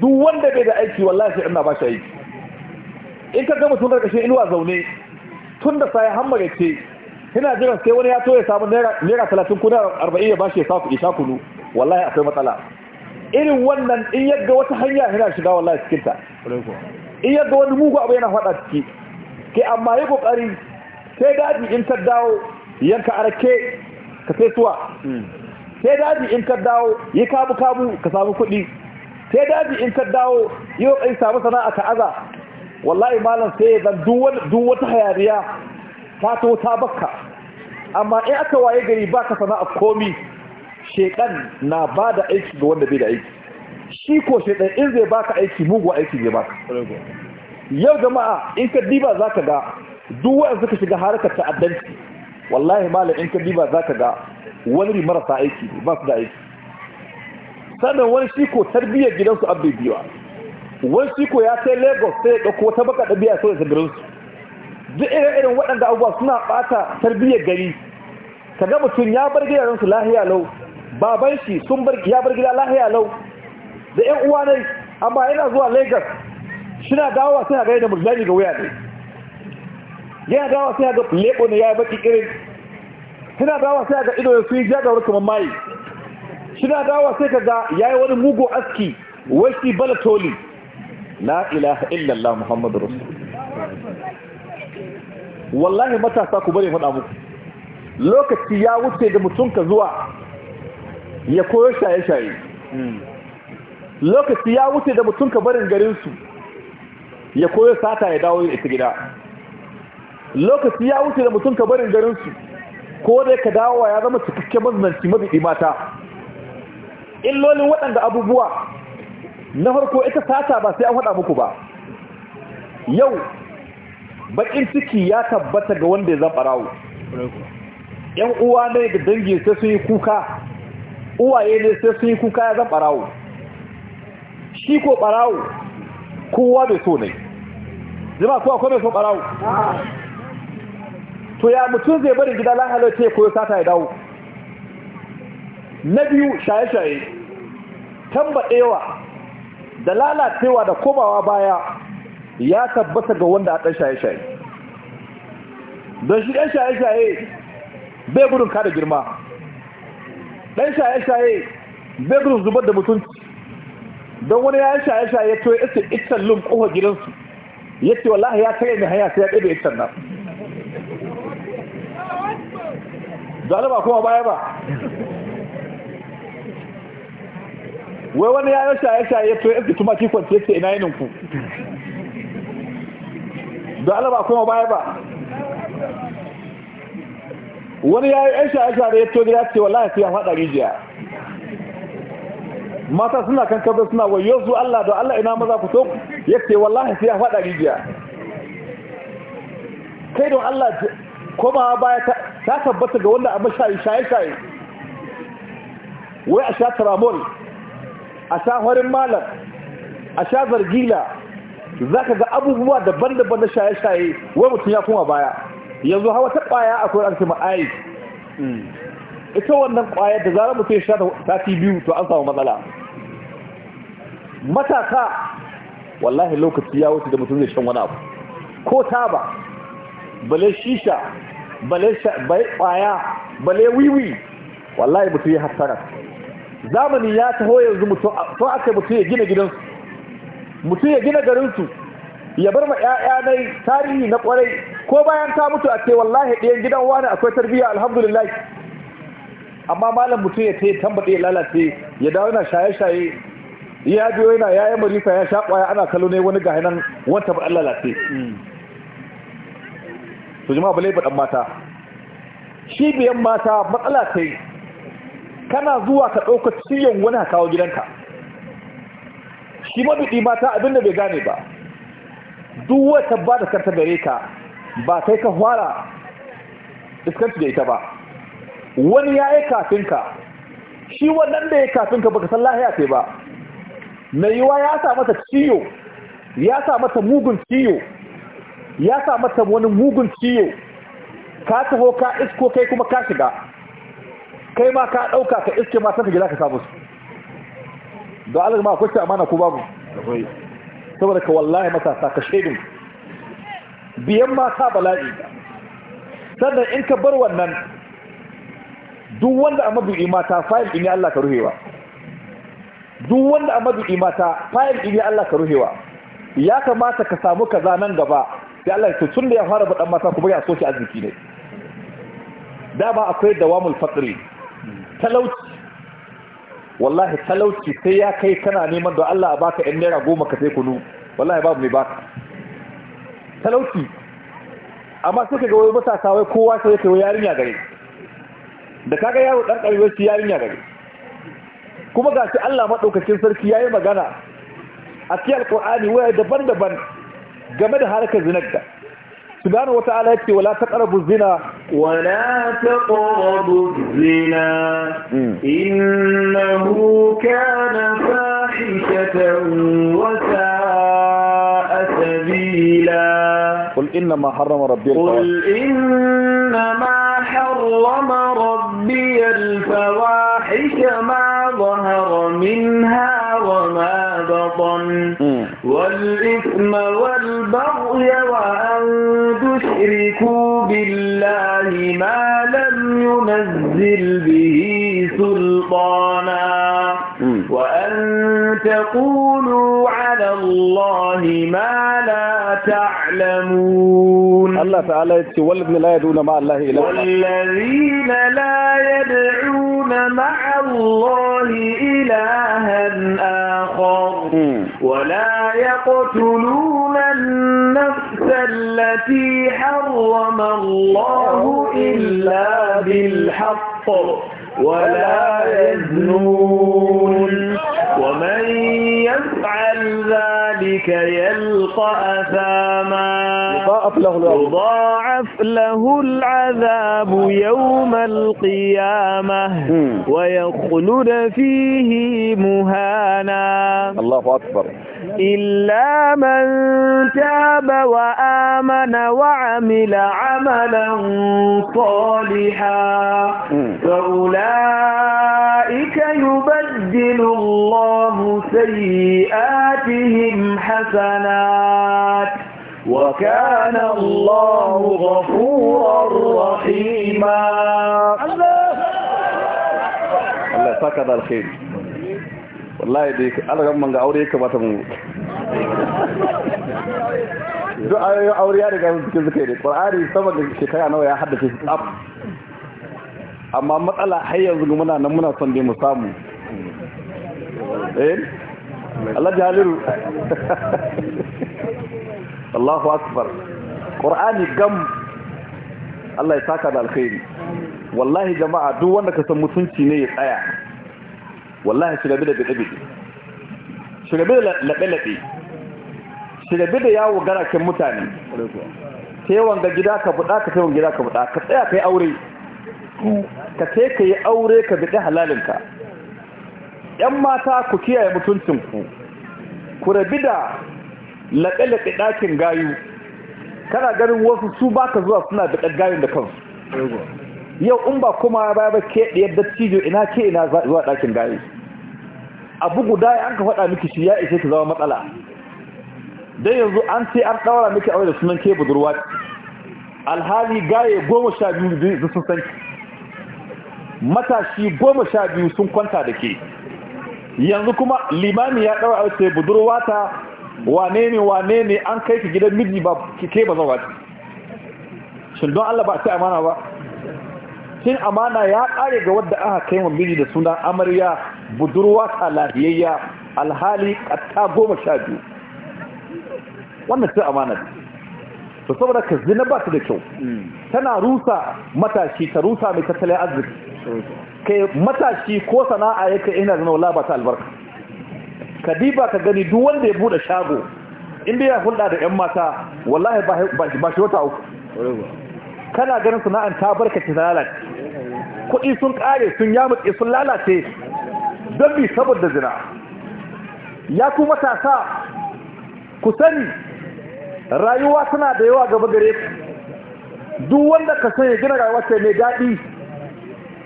duk wanda bai da aiki wallahi shaidan na ba shi aiki in ka ga mutum, karkashin inuwa zaune tun da sai hammar ya ce yana jiran sai wani ya to ya samu naira talatin ko naira arba'in ya bashi ya sa ku isha kunu wallahi akwai matsala irin wannan in yadda wata hanya yana shiga wallahi cikin ta in yadda wani mugu abu yana faɗa ciki ke amma yi kokari sai daji in ta dawo yanka arake ka sai suwa hmm. sai daji in ta dawo yi kabu kabu ka samu kuɗi sai daji in ta dawo yi kokari samu sana'a ka aza wallahi malam sai ya zan duk wata hayariya ta to ta bakka amma in aka waye gari baka sana'a komi shekan na ba da aiki ga wanda bai da aiki shi ko shekan in zai baka aiki mugu aiki zai baka yau jama'a in ka diba za ka ga duwa in suka shiga harkar ta'addanci wallahi malam in ka diba za ka ga wani marasa aiki ba su da aiki sannan wani shi ko tarbiyyar gidansu abin biyuwa wani shi ko ya sai lagos sai ya ɗauko wata baka ɗabi'a sau da garinsu duk irin waɗanda abubuwa suna ɓata tarbiyyar gari ka ga mutum ya bar gidansu lahiya lau baban shi sun bar ya bar gida lahiya lau da ƴan uwa ne amma yana zuwa Lagos shina dawowa sai ga da murjani ga waya ne yana dawowa sai ga lebo ne ya baki irin shina dawowa sai ga ido ya fi ja da wurin mai shina dawowa sai ga yayi wani mugo aski wasi balatoli la ilaha illa Allah Muhammadur Rasul wallahi matasa ku bari faɗa muku lokaci ya wuce da mutunka zuwa ya koyar shaye-shaye lokaci ya wuce da mutum ka barin garinsu ya koyar sata ya dawo ita gida lokaci ya wuce da mutum ka barin garinsu ko dai ka dawowa ya zama cikakken mazanci mabiɗi mata illolin waɗanda abubuwa na harko ita sata ba sai an haɗa muku ba yau baƙin ciki ya tabbata ga wanda ya zaɓa rawo ‘yan uwa ne da dangi sai sun yi kuka uwaye ne sai sun yi kuka ya zan ɓarawo shi ko ɓarawo kowa bai so ne zama kowa kome so ɓarawo to ya mutum zai bari gida lahalar ce koyo sata ya dawo na biyu shaye-shaye tambaɗewa da lalacewa da komawa baya ya tabbata ga wanda a ɗan shaye-shaye don shi ɗan shaye-shaye bai gudun kada girma dan shaye-shaye zai zo zubar da mutunci don wani ya shaye-shaye to ya isa iccen lum kowa gidansu ya ce wallahi ya kai ni hanya sai ya ɗaya na. nan ba kuma baya ba wai wani ya yi shaye-shaye to ya isa tumaki kwanci ya ce ina yinin ku zalaba kuma baya ba wani ya yi yan da ya tobe ya ce wallahi sai ya faɗa rijiya mata suna kan kabe suna wayo su Allah da Allah ina maza ku so ya ce wallahi sai ya faɗa rijiya kai don Allah koma baya ta tabbata ga wanda abin shaye-shaye wai a sha tramol a sha horin malam a sha zargila za ka ga abubuwa daban-daban na shaye-shaye wai mutum ya kuma baya yanzu hawa ta kwaya akwai an ce ma'ayi hmm. ita wannan kwayar da zarar mutu ya sha ta fi biyu to an samu matsala matasa wallahi lokaci ya wuce da mutum zai shan wani abu ko taba bale shisha bale kwaya bale wiwi wallahi mutum ya hasara zamani ya taho yanzu mutum aka mutum ya gina gidansu mutum ya gina garinsu ya bar ma ƴaƴa na tarihi na kwarai ko bayan ta mutu a ce wallahi ɗayan gidan wani akwai tarbiyya alhamdulillah amma malam mutum ya ce tambaɗe ya lalace ya dawo yana shaye-shaye ya biyo yana yayan marisa ya sha ƙwaya ana kallo ne wani gahinan wanta ba lalace to jama'a bale ba mata shi biyan mata matsala yi, kana zuwa ka ɗauka ciyon wani kawo gidanka shi mabiɗi mata abinda bai gane ba duk wata ba da karta gare ka ba kai ka fara iskanci da ita ba wani ya yi kafin ka shi wannan da ya kafin ka baka san lahiya ce ba mai yiwa ya sa mata ciyo ya sa mata mugun ciyo ya sa mata wani mugun ciyo ka taho ka isko kai kuma ka shiga kai ma ka ɗauka ka iske ma ta gida ka samu su da alama akwai ta amana ko babu saboda ka wallahi matasa ka shaidu biyan mata bala'i sannan in ka bar wannan duk wanda a mabi'i mata fayil ɗin ya Allah ka ruhewa duk wanda a mabi'i mata fayil ɗin ya Allah ka ruhewa ya kamata ka samu kaza nan gaba sai Allah ya tun da ya fara baɗan mata kuma ya soke arziki ne dama akwai dawamul fatri talauci wallahi talauci sai ya kai kana neman da Allah a baka 'yan naira goma ka sai kunu wallahi babu mai baka talauci amma sai ga wai matasa wai kowa sai ya kai yarinya gare da kaga yaro ɗan ƙarfi shi yarinya gare kuma ga shi Allah maɗaukacin sarki ya yi magana a cikin alƙur'ani waya daban-daban game da harkar zinagga سبحانه وتعالى يكفي ولا تقربوا الزنا ولا تقربوا الزنا إنه كان فاحشة وساء سبيلا قل إنما حرم ربي قل إنما حرم ربي الفواحش ما ظهر منها وما بطن والإثم والبغي وأن تشركوا بالله ما لم ينزل به سلطانا تقولوا على الله ما لا تعلمون الله تعالى والذين لا يدعون مع الله إلى والذين لا يدعون مع الله إلها آخر ولا يقتلون النفس التي حرم الله إلا بالحق ولا يزنون ومن يفعل ذلك يلقى أثاما يضاعف له العذاب, يضاعف له العذاب يوم القيامة ويخلد فيه مهانا الله أكبر إلا من تاب وآمن وعمل عملا صالحا فأولئك يبدل الله سيئاتهم حسنات وكان الله غفورا رحيما الله الله فكذا الخير wallahi dai ala man aure ya kamata mu duk ayoyin aure ya daga cikin zuka ne ƙwararri sama da shekara nawa ya haddace su tsaf amma matsala har yanzu muna nan muna son dai mu samu eh Allah jaliru Allahu akbar Qur'ani gam Allah ya saka da alkhairi wallahi jama'a duk wanda ka san mutunci ne ya tsaya wallahi shirabi da bidabe bide shirabi da laɓe-laɓe shirabi da yawo garaken mutane taiwan ga gida ka buɗa ka taiwan gida ka buɗa ka tsaya ka yi aure ka ce ka yi aure ka biɗe halalinka ‘yan mata ku kiyaye mutuncinku ku rabi da laɓe-laɓe ɗakin gayu kana ganin wasu su baka zuwa suna biɗar gayun da kansu yau in ba kuma ba ba ke yadda dattijo ina ke ina zuwa ɗakin gari. abu guda ya an ka faɗa miki shi ya ishe ta zama matsala don yanzu an ce an ɗaura miki aure da sunan ke budurwa alhali gaye goma sha biyu da sun san matashi goma sha biyu sun kwanta da ke yanzu kuma limami ya ɗaura a wajen budurwa ta wane ne wane ne an kai ki gidan miji ba ke ba ba shin don Allah ba a ce amana ba cin amana ya ƙare ga wadda aka kai wa miji da suna amarya budurwa ta lahiyayya alhali ƙatta goma sha biyu wannan sun amana to saboda ka zina ba su da kyau tana rusa matashi ta rusa mai tattalin arziki kai matashi ko sana'a ya kai ina zina wala ba ta albarka ka diba ka gani duk wanda ya buɗe shago inda ya hulɗa da 'yan mata wallahi ba shi wata uku kana ganin sana'an ta barka ta lalace kuɗi sun ƙare sun yamutse sun lalace don bi saboda zina ya ku matasa ku sani rayuwa suna da yawa gaba gare duk wanda ka sanya gina rayuwa sai mai daɗi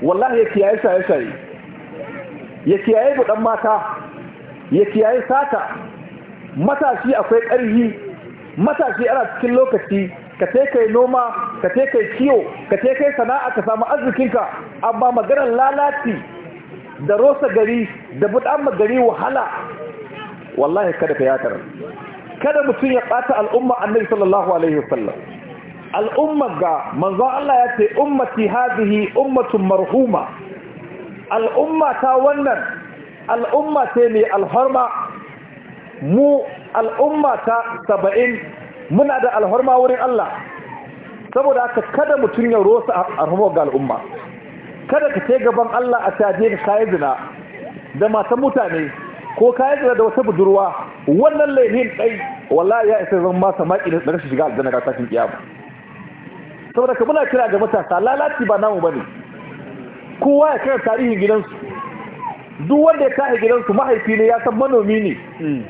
wallahi ya kiyaye shaye-shaye ya kiyaye buɗan mata ya kiyaye sata matashi akwai ƙarfi matashi ana cikin lokaci ka sai kai noma ka sai kai kiyo ka sai kai sana'a ka samu arzikinka amma maganar lalaci da rosa gari da budan gari wahala wallahi kada ka yatar kada mutum ya ɓata al'umma annabi sallallahu alaihi wasallam al'umma ga manzo Allah ya ce ummati hadhihi ummatun marhuma al'umma ta wannan al'umma ce ne alharma mu al'umma ta saba'in muna da alhorma wurin Allah saboda haka kada mutum ya rosa alhorma ga al'umma kada ka ce gaban Allah a caje ka kayi zina da matan mutane ko kayan zina da wata budurwa wannan laifin ɗai wallahi ya isa zan masa maki da rashin shiga aljanna ga kiyama saboda ka muna kira ga matasa lalaci ba namu bane kowa ya kira tarihin gidansu duk wanda ya kare gidansu mahaifi ne ya san manomi ne hmm.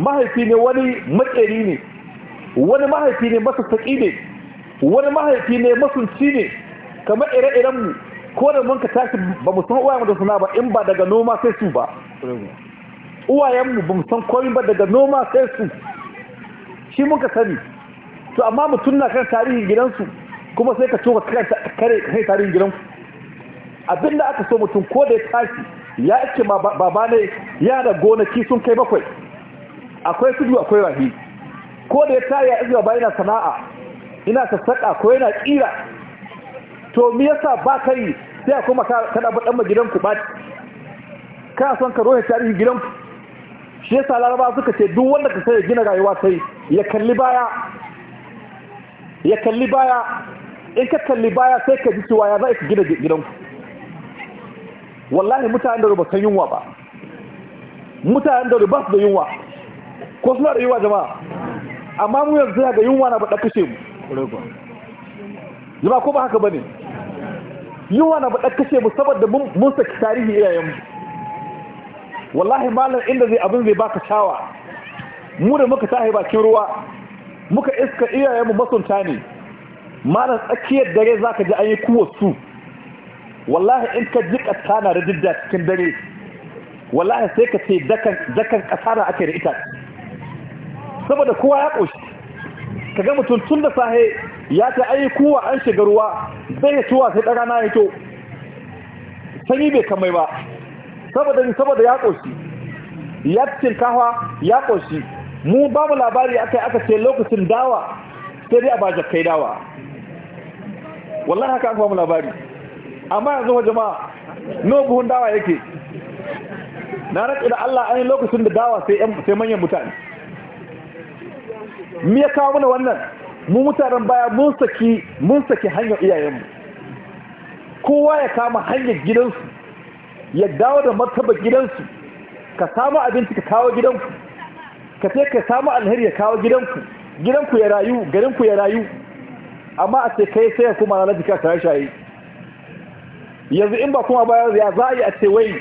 mahaifi ne wani maƙeri ne wani mahaifi ne masassaki ne wani mahaifi ne masunci ne kamar ire irenmu ko da mun ka tashi ba mu san uwayenmu da suna ba in ba daga noma sai su ba uwayenmu ba mu san komai ba daga noma sai su shi mun ka sani to amma mutum na kan tarihin gidansu kuma sai ka toka kare kai tarihin abin abinda aka so mutum ko da ya tashi ya ake ma baba ne ya da gonaki sun kai bakwai akwai tudu akwai rahi ko da ya tare ya izuwa ba yana sana'a ina sassaƙa ko yana ƙira to me yasa ba ka yi sai kuma ka dan gidan gidanku ba ka son ka rohe tarihi gidanku shi yasa laraba suka ce duk wanda ka sai ya gina rayuwa sai ya kalli baya ya kalli baya in ka kalli baya sai ka ji cewa ya za ka gina gidanku wallahi mutanen da ba san yunwa ba mutanen da ba su da yunwa ko suna da yunwa jama'a amma mu yanzu ga yunwa na ba kashe mu zuba ko ba haka bane yunwa na ba kashe mu saboda mun saki tarihi iyayen mu wallahi malam inda zai abin zai baka shawa mu da muka tahi bakin ruwa muka iska iyayen mu masunta ne malam tsakiyar dare zaka ji an yi kuwa su wallahi in ka ji kasana da didda cikin dare wallahi sai ka ce dakan kasana ake da ita saboda kowa ya ƙoshi, kaga mutum tun da sahe ya ta ayi kowa an shiga ruwa ya tuwa sai ɗaga na hito sanyi bai kamai ba saboda saboda ya ƙoshi, ya cinkawa ya ƙoshi, mu ba mu labari aka aka ce lokacin dawa sai dai a ba jakai dawa wallahi haka aka ba mu labari amma yanzu wa jama'a no buhun dawa yake na rantsa da Allah an yi lokacin da dawa sai manyan mutane Mu ya kawo mana wannan mu mutanen baya mun saki mun saki hanyar iyayenmu kowa ya kama hanyar gidansu ya dawo da martaba gidansu ka samu abinci ka kawo gidanku ka sai ka samu alheri ya kawo gidanku gidanku ya rayu garinku ya rayu amma a ce kai sai kuma na jika ta shaye yanzu in ba kuma baya ya za a yi a ce wai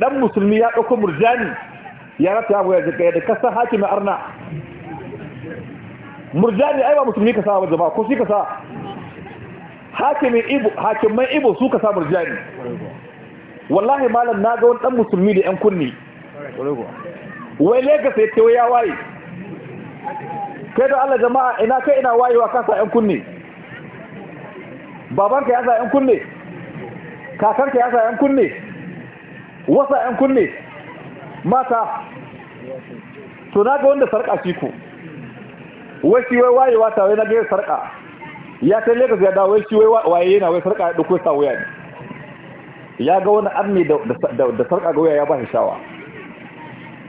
dan musulmi ya ɗauko murjani ya rata ya da kasar hakimin arna murjani ai ba musulmi ka sa ba jama'a ko shi ka sa hakimin ibo hakiman ibo su ka sa murjani wallahi malam na ga wani dan musulmi da yan kunni wai Legas ya ce ya waye kai da Allah jama'a ina kai ina wayewa ka sa yan kunni babanka ya sa yan kunne ka ya sa yan kunne wasa yan kunne mata to na ga wanda sarƙa shi ko wai shi wai wayewa ta wai na gaya sarka ya kai lagos ya da wai shi wai waye yana wai sarka ya ɗauko sa wuya ne ya ga wani arni da sarka ga wuya ya ba shi shawa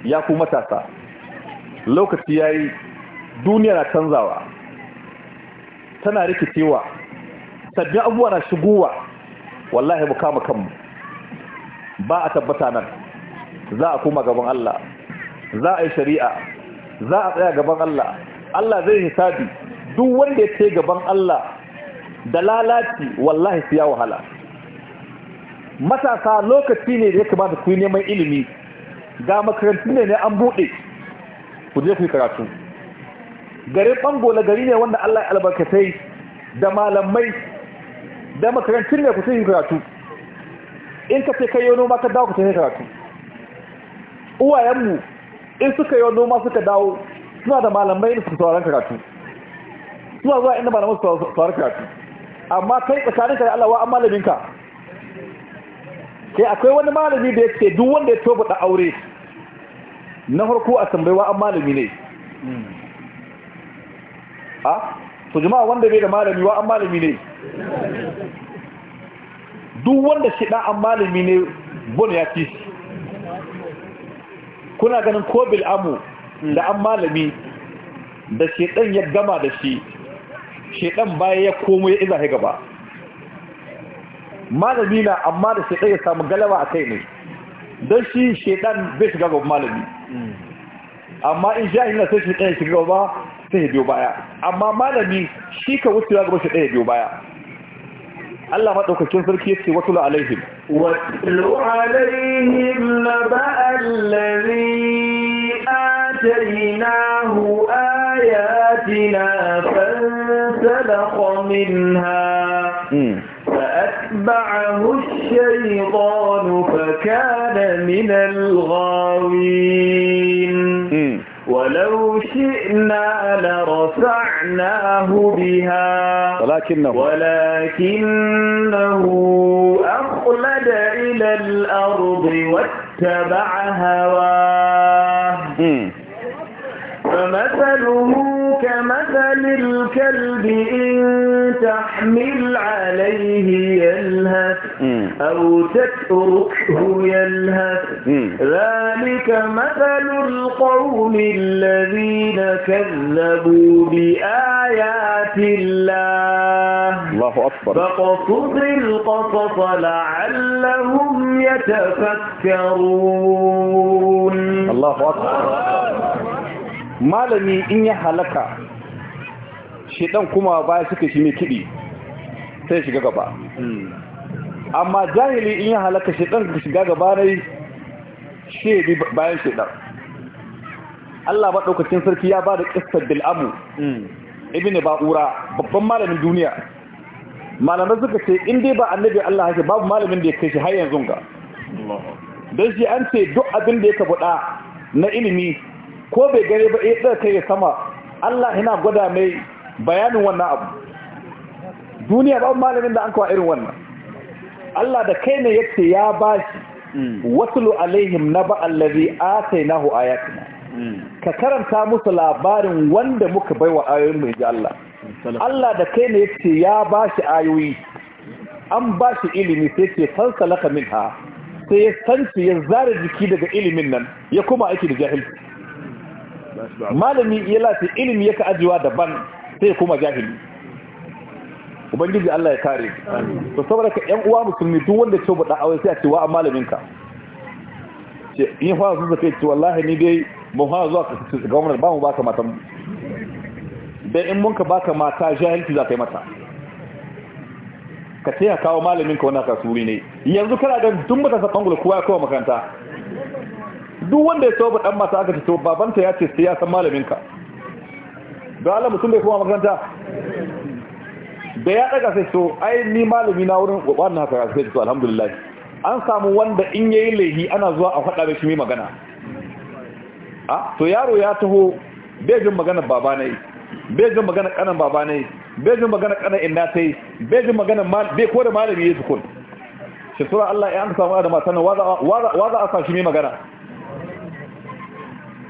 ya ku matasa lokaci ya yi duniya na canzawa tana rikicewa sabbin abubuwa na shigowa wallahi mu kama kanmu ba a tabbata nan za a kuma gaban Allah za a yi shari'a za a tsaya gaban Allah Allah zai hisabi duk wanda ya ce gaban Allah da lalaci wallahi su ya wahala matasa lokaci ne da ya kamata ku yi neman ilimi ga makarantu ne ne an buɗe ku je ku yi karatu garin na gari ne wanda Allah ya albarkatai da malamai da makarantu ne ku yi karatu in ka ce kai yau noma ka dawo ku yi karatu uwayenmu in suka yi noma suka dawo suna da malamai da su sauran karatu suna zuwa inda malamai su sauran karatu amma kai ka da Allah wa an malaminka sai akwai wani malami da ya ce duk wanda ya toba da aure na harko a tambayi wa an malami ne a su jima'a wanda bai da malami wa an malami ne duk wanda shi an malami ne bon ya ci kuna ganin ko amu da an malami da shedan ya gama da shi shedan baya ya komo ya iza ya gaba malami na amma da shedan ya samu galaba a kai ne don shi shedan bai shiga gaban malami amma in jahil na sai shedan ya shiga gaba sai ya biyo baya amma malami shi ka wucewa gaba shedan ya biyo baya Allah ma ɗaukacin sarki yace wasu alaihim wasu alaihim na ba'allari a آتيناه آياتنا فانسلخ منها فأتبعه الشيطان فكان من الغاوين ولو شئنا لرفعناه بها ولكنه, ولكنه أخلد إلى الأرض واتبع هواه فمثله كمثل الكلب إن تحمل عليه يلهث أو تتركه يلهث ذلك مثل القوم الذين كذبوا بآيات الله الله أكبر فقصد القصص لعلهم يتفكرون الله أكبر malami in ya halaka shedan kuma baya suka shi mai kiɗi sai shiga gaba amma jahili in ya halaka shedan ka shiga gaba rai bi bayan shedan Allah ba ɗaukacin sarki ya ba da ƙistar bil'amu ibn ba'ura babban malamin duniya malamai suka ce in dai ba annabi Allah haka babu malamin da ya kai shi har yanzu ga don shi an ce duk abin da ya ka faɗa na ilimi ko bai gani ba eh, ya tsaka kai sama Allah yana gwada mai bayanin wannan abu duniya ba malamin da an kawo irin wannan Allah da kai ne yace ya bashi hmm. watlu alaihim naba allazi atainahu ayatina hmm. ka karanta musu labarin wanda muka baiwa ayoyin mu ji Allah Allah da kai ne yace ya bashi ayoyi an bashi ilimi sai ce min minha sai ya sanci ya zara jiki daga ilimin nan ya kuma aiki da jahilci malami ya lati ilimi yaka ajiwa daban sai kuma jahili ubangiji Allah ya kare to saboda ka ƴan uwa musulmi duk wanda ce bada aure sai a ce wa malamin ka ce in fa su kai ce wallahi ni dai mun fa zuwa ka ce gwamnati ba mu baka mata dan in mun ka baka mata jahilci za ta yi mata ka ce ka kawo malamin ka wannan kasuri ne yanzu kana da duk mata sa kowa ya kawo makaranta duk wanda ya tauba dan mata aka ce babanta ya ce sai ya san malaminka don Allah mutum bai kuma makaranta da ya daga sai so ai ni malami na wurin wannan haka sai to alhamdulillah an samu wanda in yayi laihi ana zuwa a haɗa da shi mai magana a to yaro ya taho bai jin magana baba ne bai jin magana kanan baba ne bai jin magana kanan inna tai bai jin magana bai ko da malami ya tukun shi sura Allah ya an samu adama sanan wa waza a sa shi mai magana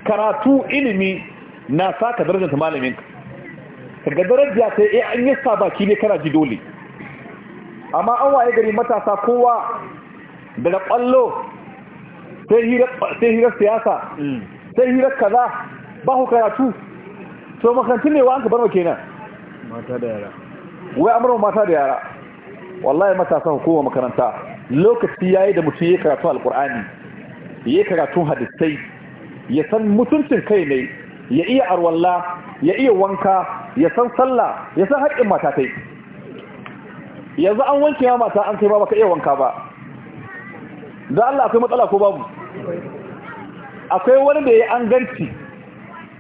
karatu ilimi na saka darajar malamin ka daga daraja sai eh an yi sa baki ne kana ji dole amma an waye gari matasa kowa daga kwallo sai hira siyasa mm. sai hira kaza ba ku karatu to makarantun ne wa an ka bar kenan mata da yara wai amurwa mata da yara wallahi matasa hukuma makaranta lokaci yayi da mutum ya karatu alkur'ani ya karatu hadisai ya san mutuncin kai ne ya iya arwalla ya iya wanka ya san sallah ya san haƙƙin matatai yanzu an wanke ya mata an kai ba baka iya wanka ba da Allah akwai matsala ko babu akwai wani da ya an ganci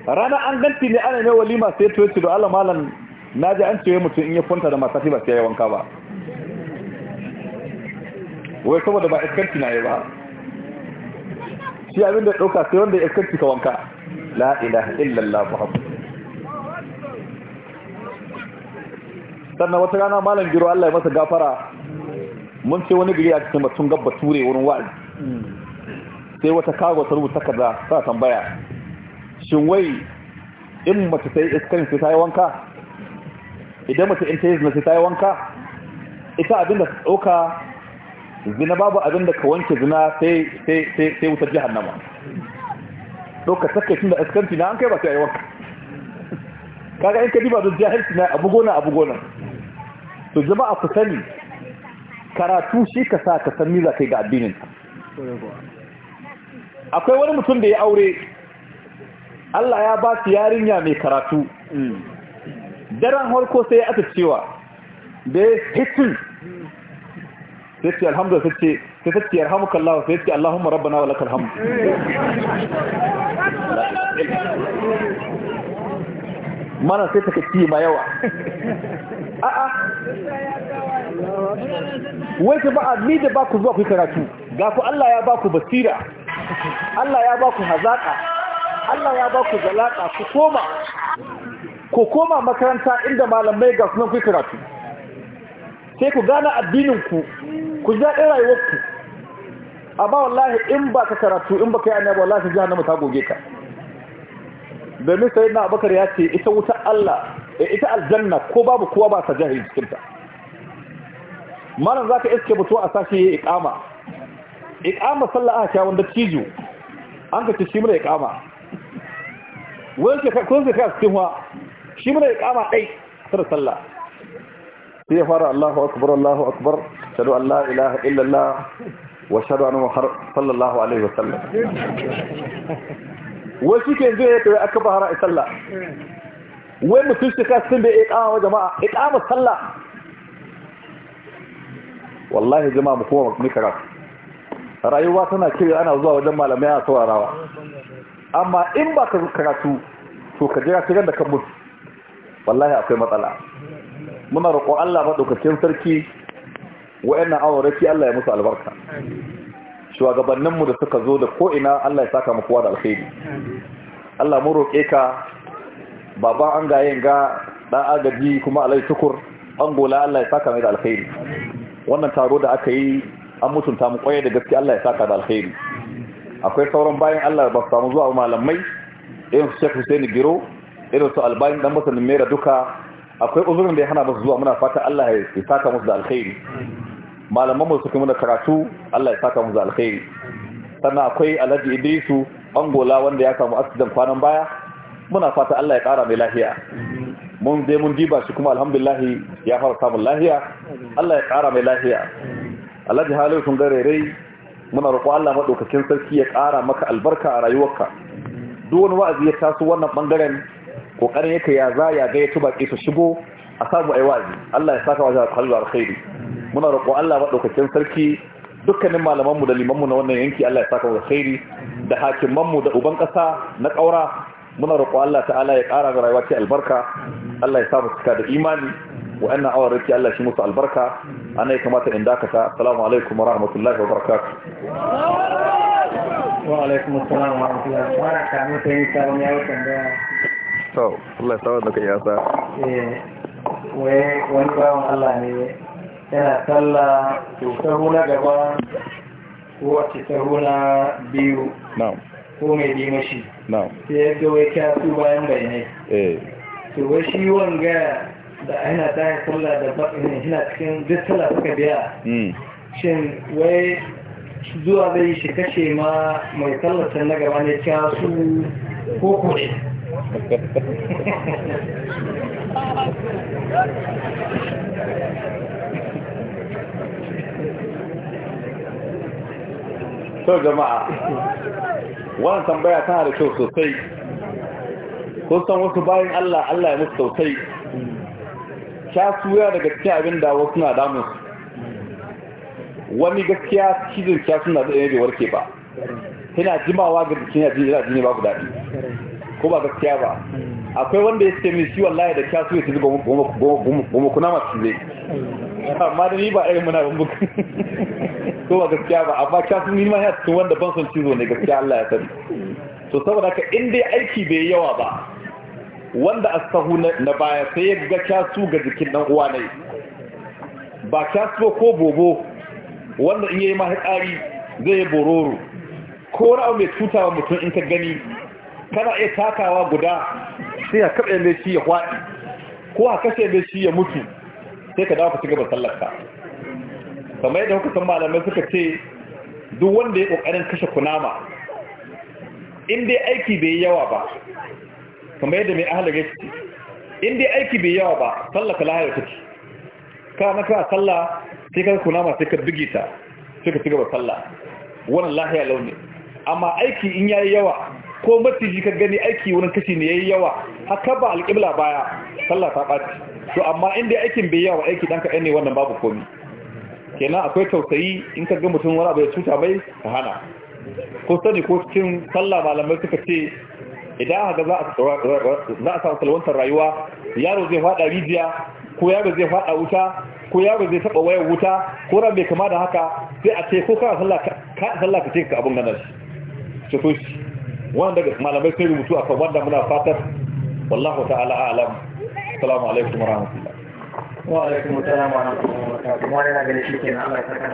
rana an ganci ne ana ne walima sai to yace da Allah malam naji an ce mutum in ya kwanta da matatai ba sai ya wanka ba wai saboda ba iskanci na yi ba shi abin da ɗauka sai wanda ya iskanci ka wanka la ilaha illallah muhammad sannan wata rana malam giro Allah ya masa gafara mun ce wani gari a cikin batun gabba ture wurin wa'azi sai wata kago ta rubuta kaza ta tambaya shin wai in mace ta yi iskarin sai ta yi wanka idan mace in ta yi zina sai ta yi wanka ita abin da ɗauka zina babu abin da ka wanke zina sai sai sai sai wutar jahannama to ka saka shi da askanti na an kai ba sai ayi wanka kaga in ka diba da jahilci na abu gona abu gona to jama'a ku sani karatu shi ka sa ka san miza kai ga addinin akwai wani mutum da ya aure Allah ya ba su yarinya mai karatu mm. daren harko sai ya aka cewa da ya hitin sai ce alhamdu sai ce sai sai ce alhamdulillah sai ce allahumma rabbana wa lakal hamd mana sai ta kaci ma yawa a'a wai ta ba a ni da ba ku zuwa ku karatu ga ku Allah ya ba ku basira Allah ya ba ku hazaka Allah ya ba ku zalaka ku koma ko koma makaranta inda malamai ga sunan ku karatu sai ku gane addininku ku ji daɗin rayuwarku amma wallahi in ba ka karatu in ba ka yi annabi wallahi sai jahannama ta goge ka domin sai na abakar ya ce ita wuta Allah eh, ita aljanna ko babu kowa ba ta jahil cikin Malam za ka iske mutu a sashi yi iƙama, iƙama sallah a kyawun da cijo an ka ci shi mura iƙama, wani ka ko ka cikin wa shi mura iqama dai sallah sai ya fara Allahu akbar Allahu akbar shadu an la ilaha allah wa shadu an muhammad sallallahu alaihi wasallam wai shi ke zai ya aka bahara a sallah wai mutum shi ka sun da iqama jama'a iqama sallah wallahi jama'a mu kuma mu karatu rayuwa tana kire ana zuwa wajen malamai a saurarawa amma in ba ka karatu to ka jira kiran da kan mutu wallahi akwai matsala muna roƙon Allah maɗaukakin sarki wa'annan aurarki Allah ya musu albarka shugabanninmu da suka zo da ko'ina Allah ya saka makuwa da alkhairi Allah mu roƙe ka baba an gayen ga ɗan agaji kuma alai tukur an gola Allah ya saka mai da alkhairi wannan taro da aka yi an mutunta mu kwaye da gaske Allah ya saka da alkhairi akwai sauran bayan Allah ba su samu zuwa malamai irin su Sheikh Hussein Giro irin su Albani dan masanin Mera duka akwai uzurin da ya hana musu zuwa muna fata Allah ya saka musu da alkhairi malaman mu suka muna karatu Allah ya saka musu da alkhairi sannan akwai Alhaji Idrisu Angola wanda ya samu accident kwanan baya muna fata Allah ya kara mai lafiya mun je mun diba shi kuma alhamdulillah ya fara samun lahiya? Allah ya kara mai lafiya Alhaji Halilu sun garerai muna roƙo Allah madaukakin sarki ya kara maka albarka a rayuwarka duk wani wa'azi ya taso wannan bangaren kokarin yake ya zaya ya ga yato baki su shigo a samu ai wazi Allah ya saka wajen kallu alkhairi muna roƙo Allah madaukakin sarki dukkanin malaman mu da liman mu na wannan yanki Allah ya saka wajen alkhairi da hakiman mu da uban ƙasa na ƙaura muna roƙo Allah ta'ala ya ƙara ga rayuwa ta albarka Allah ya sa mu cika da imani wa'annan awar rake Allah shi musu albarka ana ya kamata in dakata assalamu alaikum wa rahmatullahi wa barakatuh wa alaikum assalam wa rahmatullahi wa barakatuh to Allah ya sawar da kai yasa eh, wani bawan Allah ne yana talla sahu na gaba ko a sahu na biyu ko mai bi mashi sai yadda wai kyasu bayan bai ne eh. to wai shi wanga da ana ta sallah da bakin hina eh, cikin duk suka biya hmm. shin wai zuwa zai shi kashe ma mai tallata na gaba ne kya ko kore so jama'a wannan tambaya tana da kyau sosai kun san wasu bayan Allah Allah ya musu sosai sha suya daga cikin abin da wasu na damu wani gaskiya cikin sha suna zai yanayi warke ba yana jimawa ga jikin yaji yana jini ba ku daɗi ko ba gaskiya ba akwai wanda ya ce mai shi wallahi da kyasu ya tafi goma kuna masu zai amma da ni ba irin muna bambu ko ba gaskiya ba amma kyasu ni ma ya cikin wanda ban son cizo ne gaskiya Allah ya sani to saboda ka in dai aiki bai yawa ba wanda sahu na baya sai ya ga kyasu ga jikin dan uwa ne ba kyasu ko bobo wanda in yayi mahaƙari haƙari zai bororo ko wani abu mai tutawa mutum in ka gani kana iya takawa guda sai ya kaɓe mai shi ya kwaɗi ko a kashe mai shi ya mutu sai ka dawa ka ci gaba sallarka kamar yadda hukusan malamai suka ce duk wanda ya ƙoƙarin kashe kunama in dai aiki bai yawa ba kamar yadda mai ahalaga ce in dai aiki bai yawa ba sallaka lahayar take ka na ka salla sai ka kunama sai ka bugi ta sai ka ci gaba sallah wannan lahiya launi amma aiki in yayi yawa ko maciji ka gani aiki wurin kashi ne ya yi yawa haka ba alƙibla baya sallah ta ɓaci to amma inda aikin bai yawa aiki dan ka ne wannan babu komi kenan akwai tausayi in ka ga mutum wani abu ya cuta mai ka hana ko sani ko cikin sallah malamai suka ce idan aka ga za a samu salwantar rayuwa yaro zai faɗa rijiya ko yaro zai faɗa wuta ko yaro zai taɓa wayar wuta ko ran bai kama da haka sai a ce ko kana sallah ka ce ka abun ganar shi wanda daga malamai sai rubutu akan wanda muna fatar wallahu ta'ala a'lam assalamu alaikum warahmatullahi wa alaikum assalam wa rahmatullahi wa barakatuh